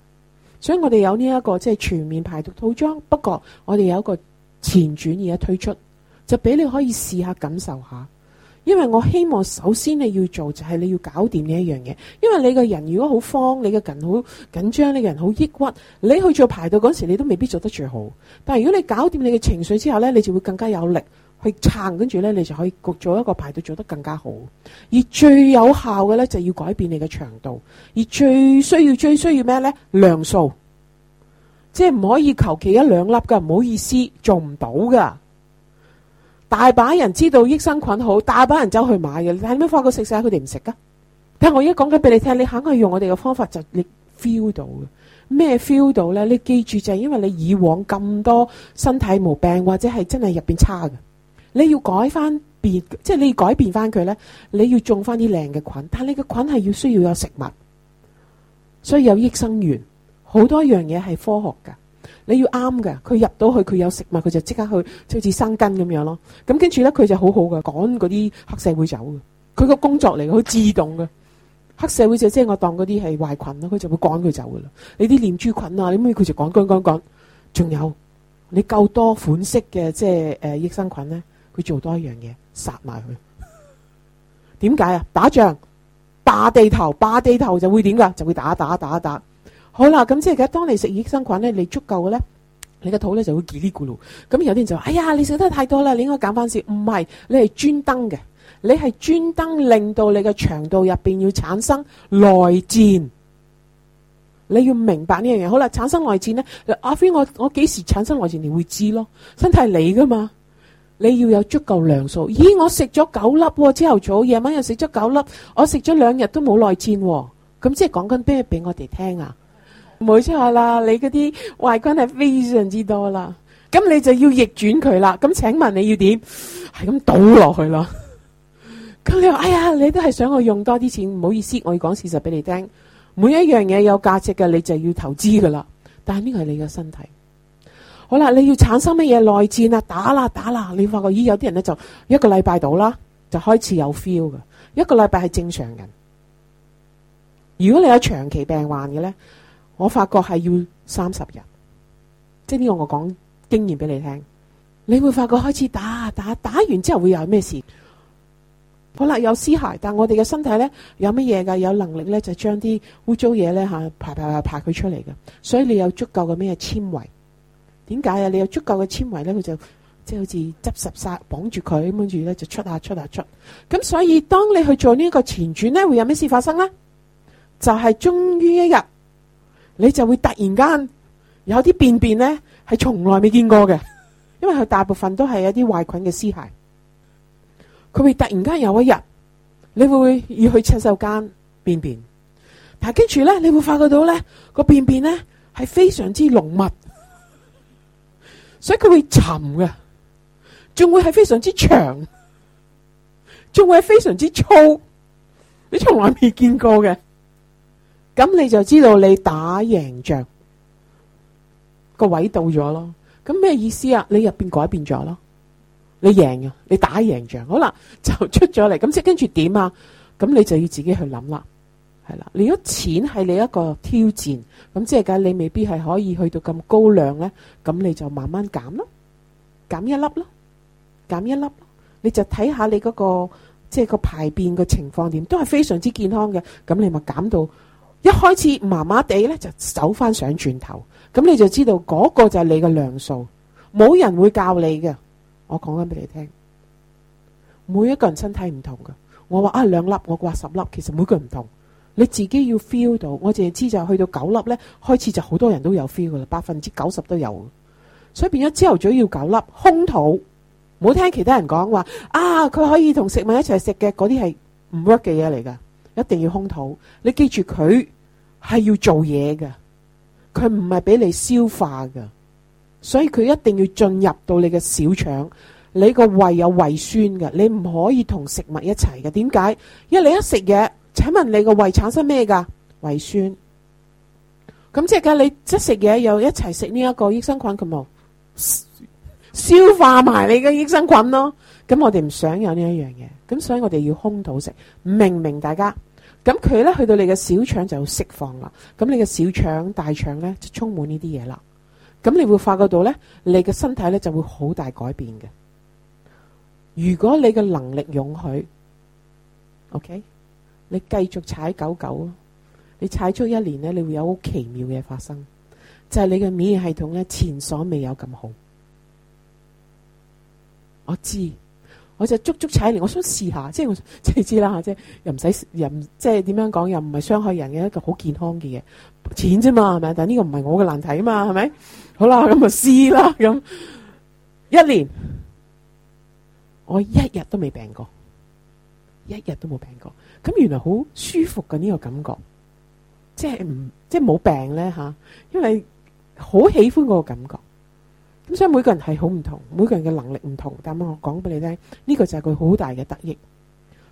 Speaker 1: 所以我哋有呢、這、一個即係、就是、全面排毒套裝，不過我哋有一個前轉而家推出，就俾你可以試下感受下。因為我希望首先你要做就係你要搞掂呢一樣嘢。因為你個人如果好慌，你個人好緊張，你個人好抑鬱，你去做排隊嗰時你都未必做得最好。但係如果你搞掂你嘅情緒之後呢，你就會更加有力去撐，跟住呢，你就可以做一個排隊做得更加好。而最有效嘅呢，就要改變你嘅長度，而最需要、最需要咩呢？量數，即係唔可以求其一兩粒噶，唔好意思，做唔到噶。大把人知道益生菌好，大把人走去買嘅，你係咩解個食晒，佢哋唔食噶？但我而家講緊俾你聽，你肯係用我哋嘅方法就你 feel 到嘅，咩 feel 到呢？你記住就係因為你以往咁多身體毛病或者係真係入邊差嘅，你要改翻變，即係你要改變翻佢呢。你要種翻啲靚嘅菌，但係你嘅菌係要需要有食物，所以有益生元，好多樣嘢係科學嘅。你要啱嘅，佢入到去佢有食物，佢就即刻去就好似生根咁樣咯。咁跟住咧，佢就好好、啊、嘅，趕嗰啲黑社會走嘅。佢個工作嚟，好自動嘅。黑社會就即係我當嗰啲係壞菌，咯，佢就會趕佢走噶啦。你啲念珠菌啊，趕快趕快趕你樣佢就趕趕趕趕。仲有你夠多款式嘅即係誒、呃、益生菌咧，佢做多一樣嘢，殺埋佢。點解啊？打仗霸地頭，霸地頭就會點噶？就會打打打打。打打好啦，咁即係而家當你食益生菌咧，你足夠嘅咧，你個肚咧就會嘰哩咕嚕。咁有啲人就話：哎呀，你食得太多啦，你應該減翻少。唔係，你係專登嘅，你係專登令到你嘅腸道入邊要產生內戰。你要明白呢樣嘢。好啦，產生內戰咧，阿飛，我我幾時產生內戰？你會知咯，身體係你噶嘛。你要有足夠量數。咦，我食咗九粒朝頭早，夜晚又食咗九粒，我食咗兩日都冇內戰。咁即係講緊咩俾我哋聽啊？冇錯啦，你嗰啲壞菌係非常之多啦。咁你就要逆轉佢啦。咁請問你要點？係咁倒落去咯。咁 又哎呀，你都係想我用多啲錢？唔好意思，我要講事實俾你聽。每一樣嘢有價值嘅，你就要投資噶啦。但係呢個係你嘅身體好啦。你要產生乜嘢內戰啊？打啦打啦，你發覺咦？有啲人咧就一個禮拜到啦，就開始有 feel 嘅。一個禮拜係正常人。如果你有長期病患嘅咧？我發覺係要三十日，即係呢個我講經驗俾你聽，你會發覺開始打打打完之後會有咩事？好啦，有屍骸，但我哋嘅身體咧有乜嘢噶？有能力咧就將啲污糟嘢咧吓排排排佢出嚟嘅，所以你有足夠嘅咩纖維？點解啊？你有足夠嘅纖維咧，佢就即係好似執拾晒綁住佢，跟住咧就出下、啊、出下、啊、出。咁、啊、所以當你去做呢個前轉咧，會有咩事發生咧？就係、是、終於一日。你就會突然間有啲便便咧，係從來未見過嘅，因為佢大部分都係一啲壞菌嘅屍骸。佢會突然間有一日，你會會要去洗手間便便，但係跟住咧，你會發覺到咧，個便便咧係非常之濃密，所以佢會沉嘅，仲會係非常之長，仲會係非常之粗，你從來未見過嘅。咁你就知道你打贏仗個位到咗咯。咁咩意思啊？你入邊改變咗咯，你贏呀，你打贏仗好啦，就出咗嚟。咁即係跟住點啊？咁你就要自己去諗啦。係啦，如果錢係你一個挑戰，咁即係嘅，你未必係可以去到咁高量呢。咁你就慢慢減咯，減一粒咯，減一粒咯。你就睇下你嗰個即係個排便嘅情況點，都係非常之健康嘅。咁你咪減到。一開始麻麻地咧，就走翻上轉頭，咁你就知道嗰個就係你嘅量數，冇人會教你嘅。我講緊俾你聽，每一個人身體唔同噶。我話啊兩粒，我掛十粒，其實每個人唔同，你自己要 feel 到。我淨係知就去到九粒呢，開始就好多人都有 feel 噶啦，百分之九十都有。所以變咗朝頭早要九粒，空肚，唔好聽其他人講話啊，佢可以同食物一齊食嘅，嗰啲係唔 work 嘅嘢嚟噶。一定要空肚，你記住佢係要做嘢嘅，佢唔係俾你消化嘅，所以佢一定要進入到你嘅小腸。你個胃有胃酸嘅，你唔可以同食物一齊嘅。點解？因為你一食嘢，請問你個胃產生咩噶？胃酸。咁即係你一食嘢又一齊食呢一個益生菌嘅冇，消化埋你嘅益生菌咯。咁我哋唔想有呢一樣嘢，咁所以我哋要空肚食。明唔明大家？咁佢咧去到你嘅小腸就釋放啦，咁你嘅小腸、大腸呢就充滿呢啲嘢啦。咁你會發覺到呢，你嘅身體呢就會好大改變嘅。如果你嘅能力容許，OK，你繼續踩狗狗，你踩足一年呢，你會有好奇妙嘅發生，就係你嘅免疫系統呢，前所未有咁好。我知。我就足足踩嚟，我想試下，即係我即係你知啦吓，即係又唔使，又唔，即係點樣講，又唔係傷害人嘅一個好健康嘅嘢，錢啫嘛係咪？但呢個唔係我嘅難題啊嘛，係咪？好啦，咁就試啦，咁一年我一日都未病過，一日都冇病過，咁原來好舒服嘅呢個感覺，即係唔即係冇病咧吓，因為好喜歡嗰個感覺。咁、嗯、所以每個人係好唔同，每個人嘅能力唔同。但係我講俾你聽，呢、這個就係佢好大嘅得益。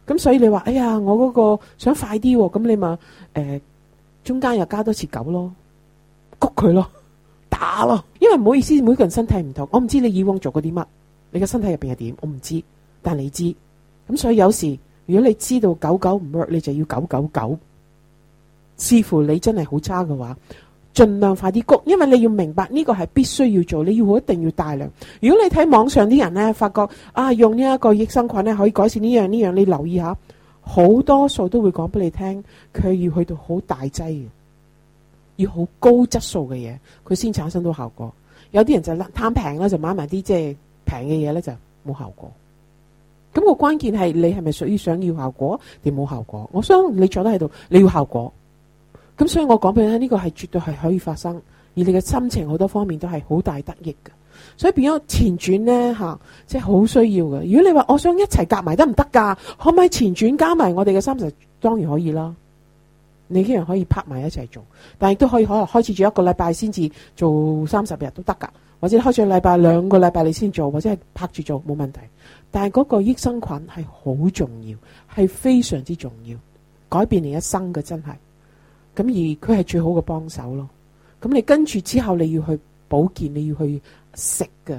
Speaker 1: 咁、嗯、所以你話，哎呀，我嗰個想快啲，咁、嗯、你咪誒、呃、中間又加多次狗咯，谷佢咯，打咯。因為唔好意思，每個人身體唔同，我唔知你以往做過啲乜，你嘅身體入邊係點，我唔知。但係你知，咁、嗯、所以有時如果你知道狗狗唔 work，你就要狗狗狗。視乎你真係好差嘅話。儘量快啲谷，因為你要明白呢個係必須要做，你要一定要大量。如果你睇網上啲人呢，發覺啊，用呢一個益生菌咧，可以改善呢樣呢樣，你留意下，好多數都會講俾你聽，佢要去到好大劑嘅，要好高質素嘅嘢，佢先產生到效果。有啲人就貪平啦，就買埋啲即係平嘅嘢呢，就冇效果。咁個關鍵係你係咪屬於想要效果定冇效果？我想你坐得喺度，你要效果。咁、嗯、所以我講俾你聽，呢、這個係絕對係可以發生，而你嘅心情好多方面都係好大得益嘅。所以變咗前轉呢，吓、啊，即係好需要嘅。如果你話我想一齊夾埋得唔得噶？可唔可，可，可以前轉加埋我哋嘅三十？當然可以啦。你既然可以拍埋一齊做，但係都可以可能開始做一個禮拜先至做三十日都得噶。或者開始一個禮拜兩個禮拜你先做，或者係拍住做冇問題。但係嗰個益生菌係好重要，係非常之重要，改變你一生嘅，真係。咁而佢係最好嘅幫手咯。咁你跟住之後，你要去保健，你要去食嘅，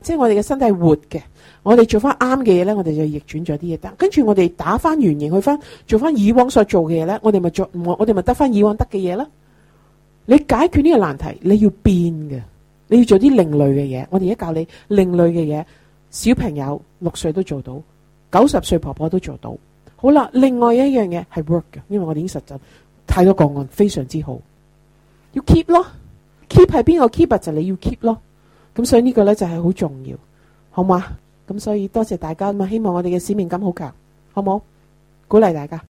Speaker 1: 即係我哋嘅身體係活嘅。我哋做翻啱嘅嘢呢，我哋就逆轉咗啲嘢得。跟住我哋打翻原形，去翻做翻以往所做嘅嘢呢，我哋咪做我哋咪得翻以往得嘅嘢啦。你解決呢個難題，你要變嘅，你要做啲另類嘅嘢。我哋而家教你另類嘅嘢，小朋友六歲都做到，九十歲婆婆都做到。好啦，另外一樣嘢係 work 嘅，因為我哋已經實習。太多個案非常之好，要 keep 咯，keep 係邊個 keep 就你要 keep 咯，咁所以呢個咧就係好重要，好嘛？咁所以多謝大家嘛，希望我哋嘅使命感好強，好唔好，鼓勵大家。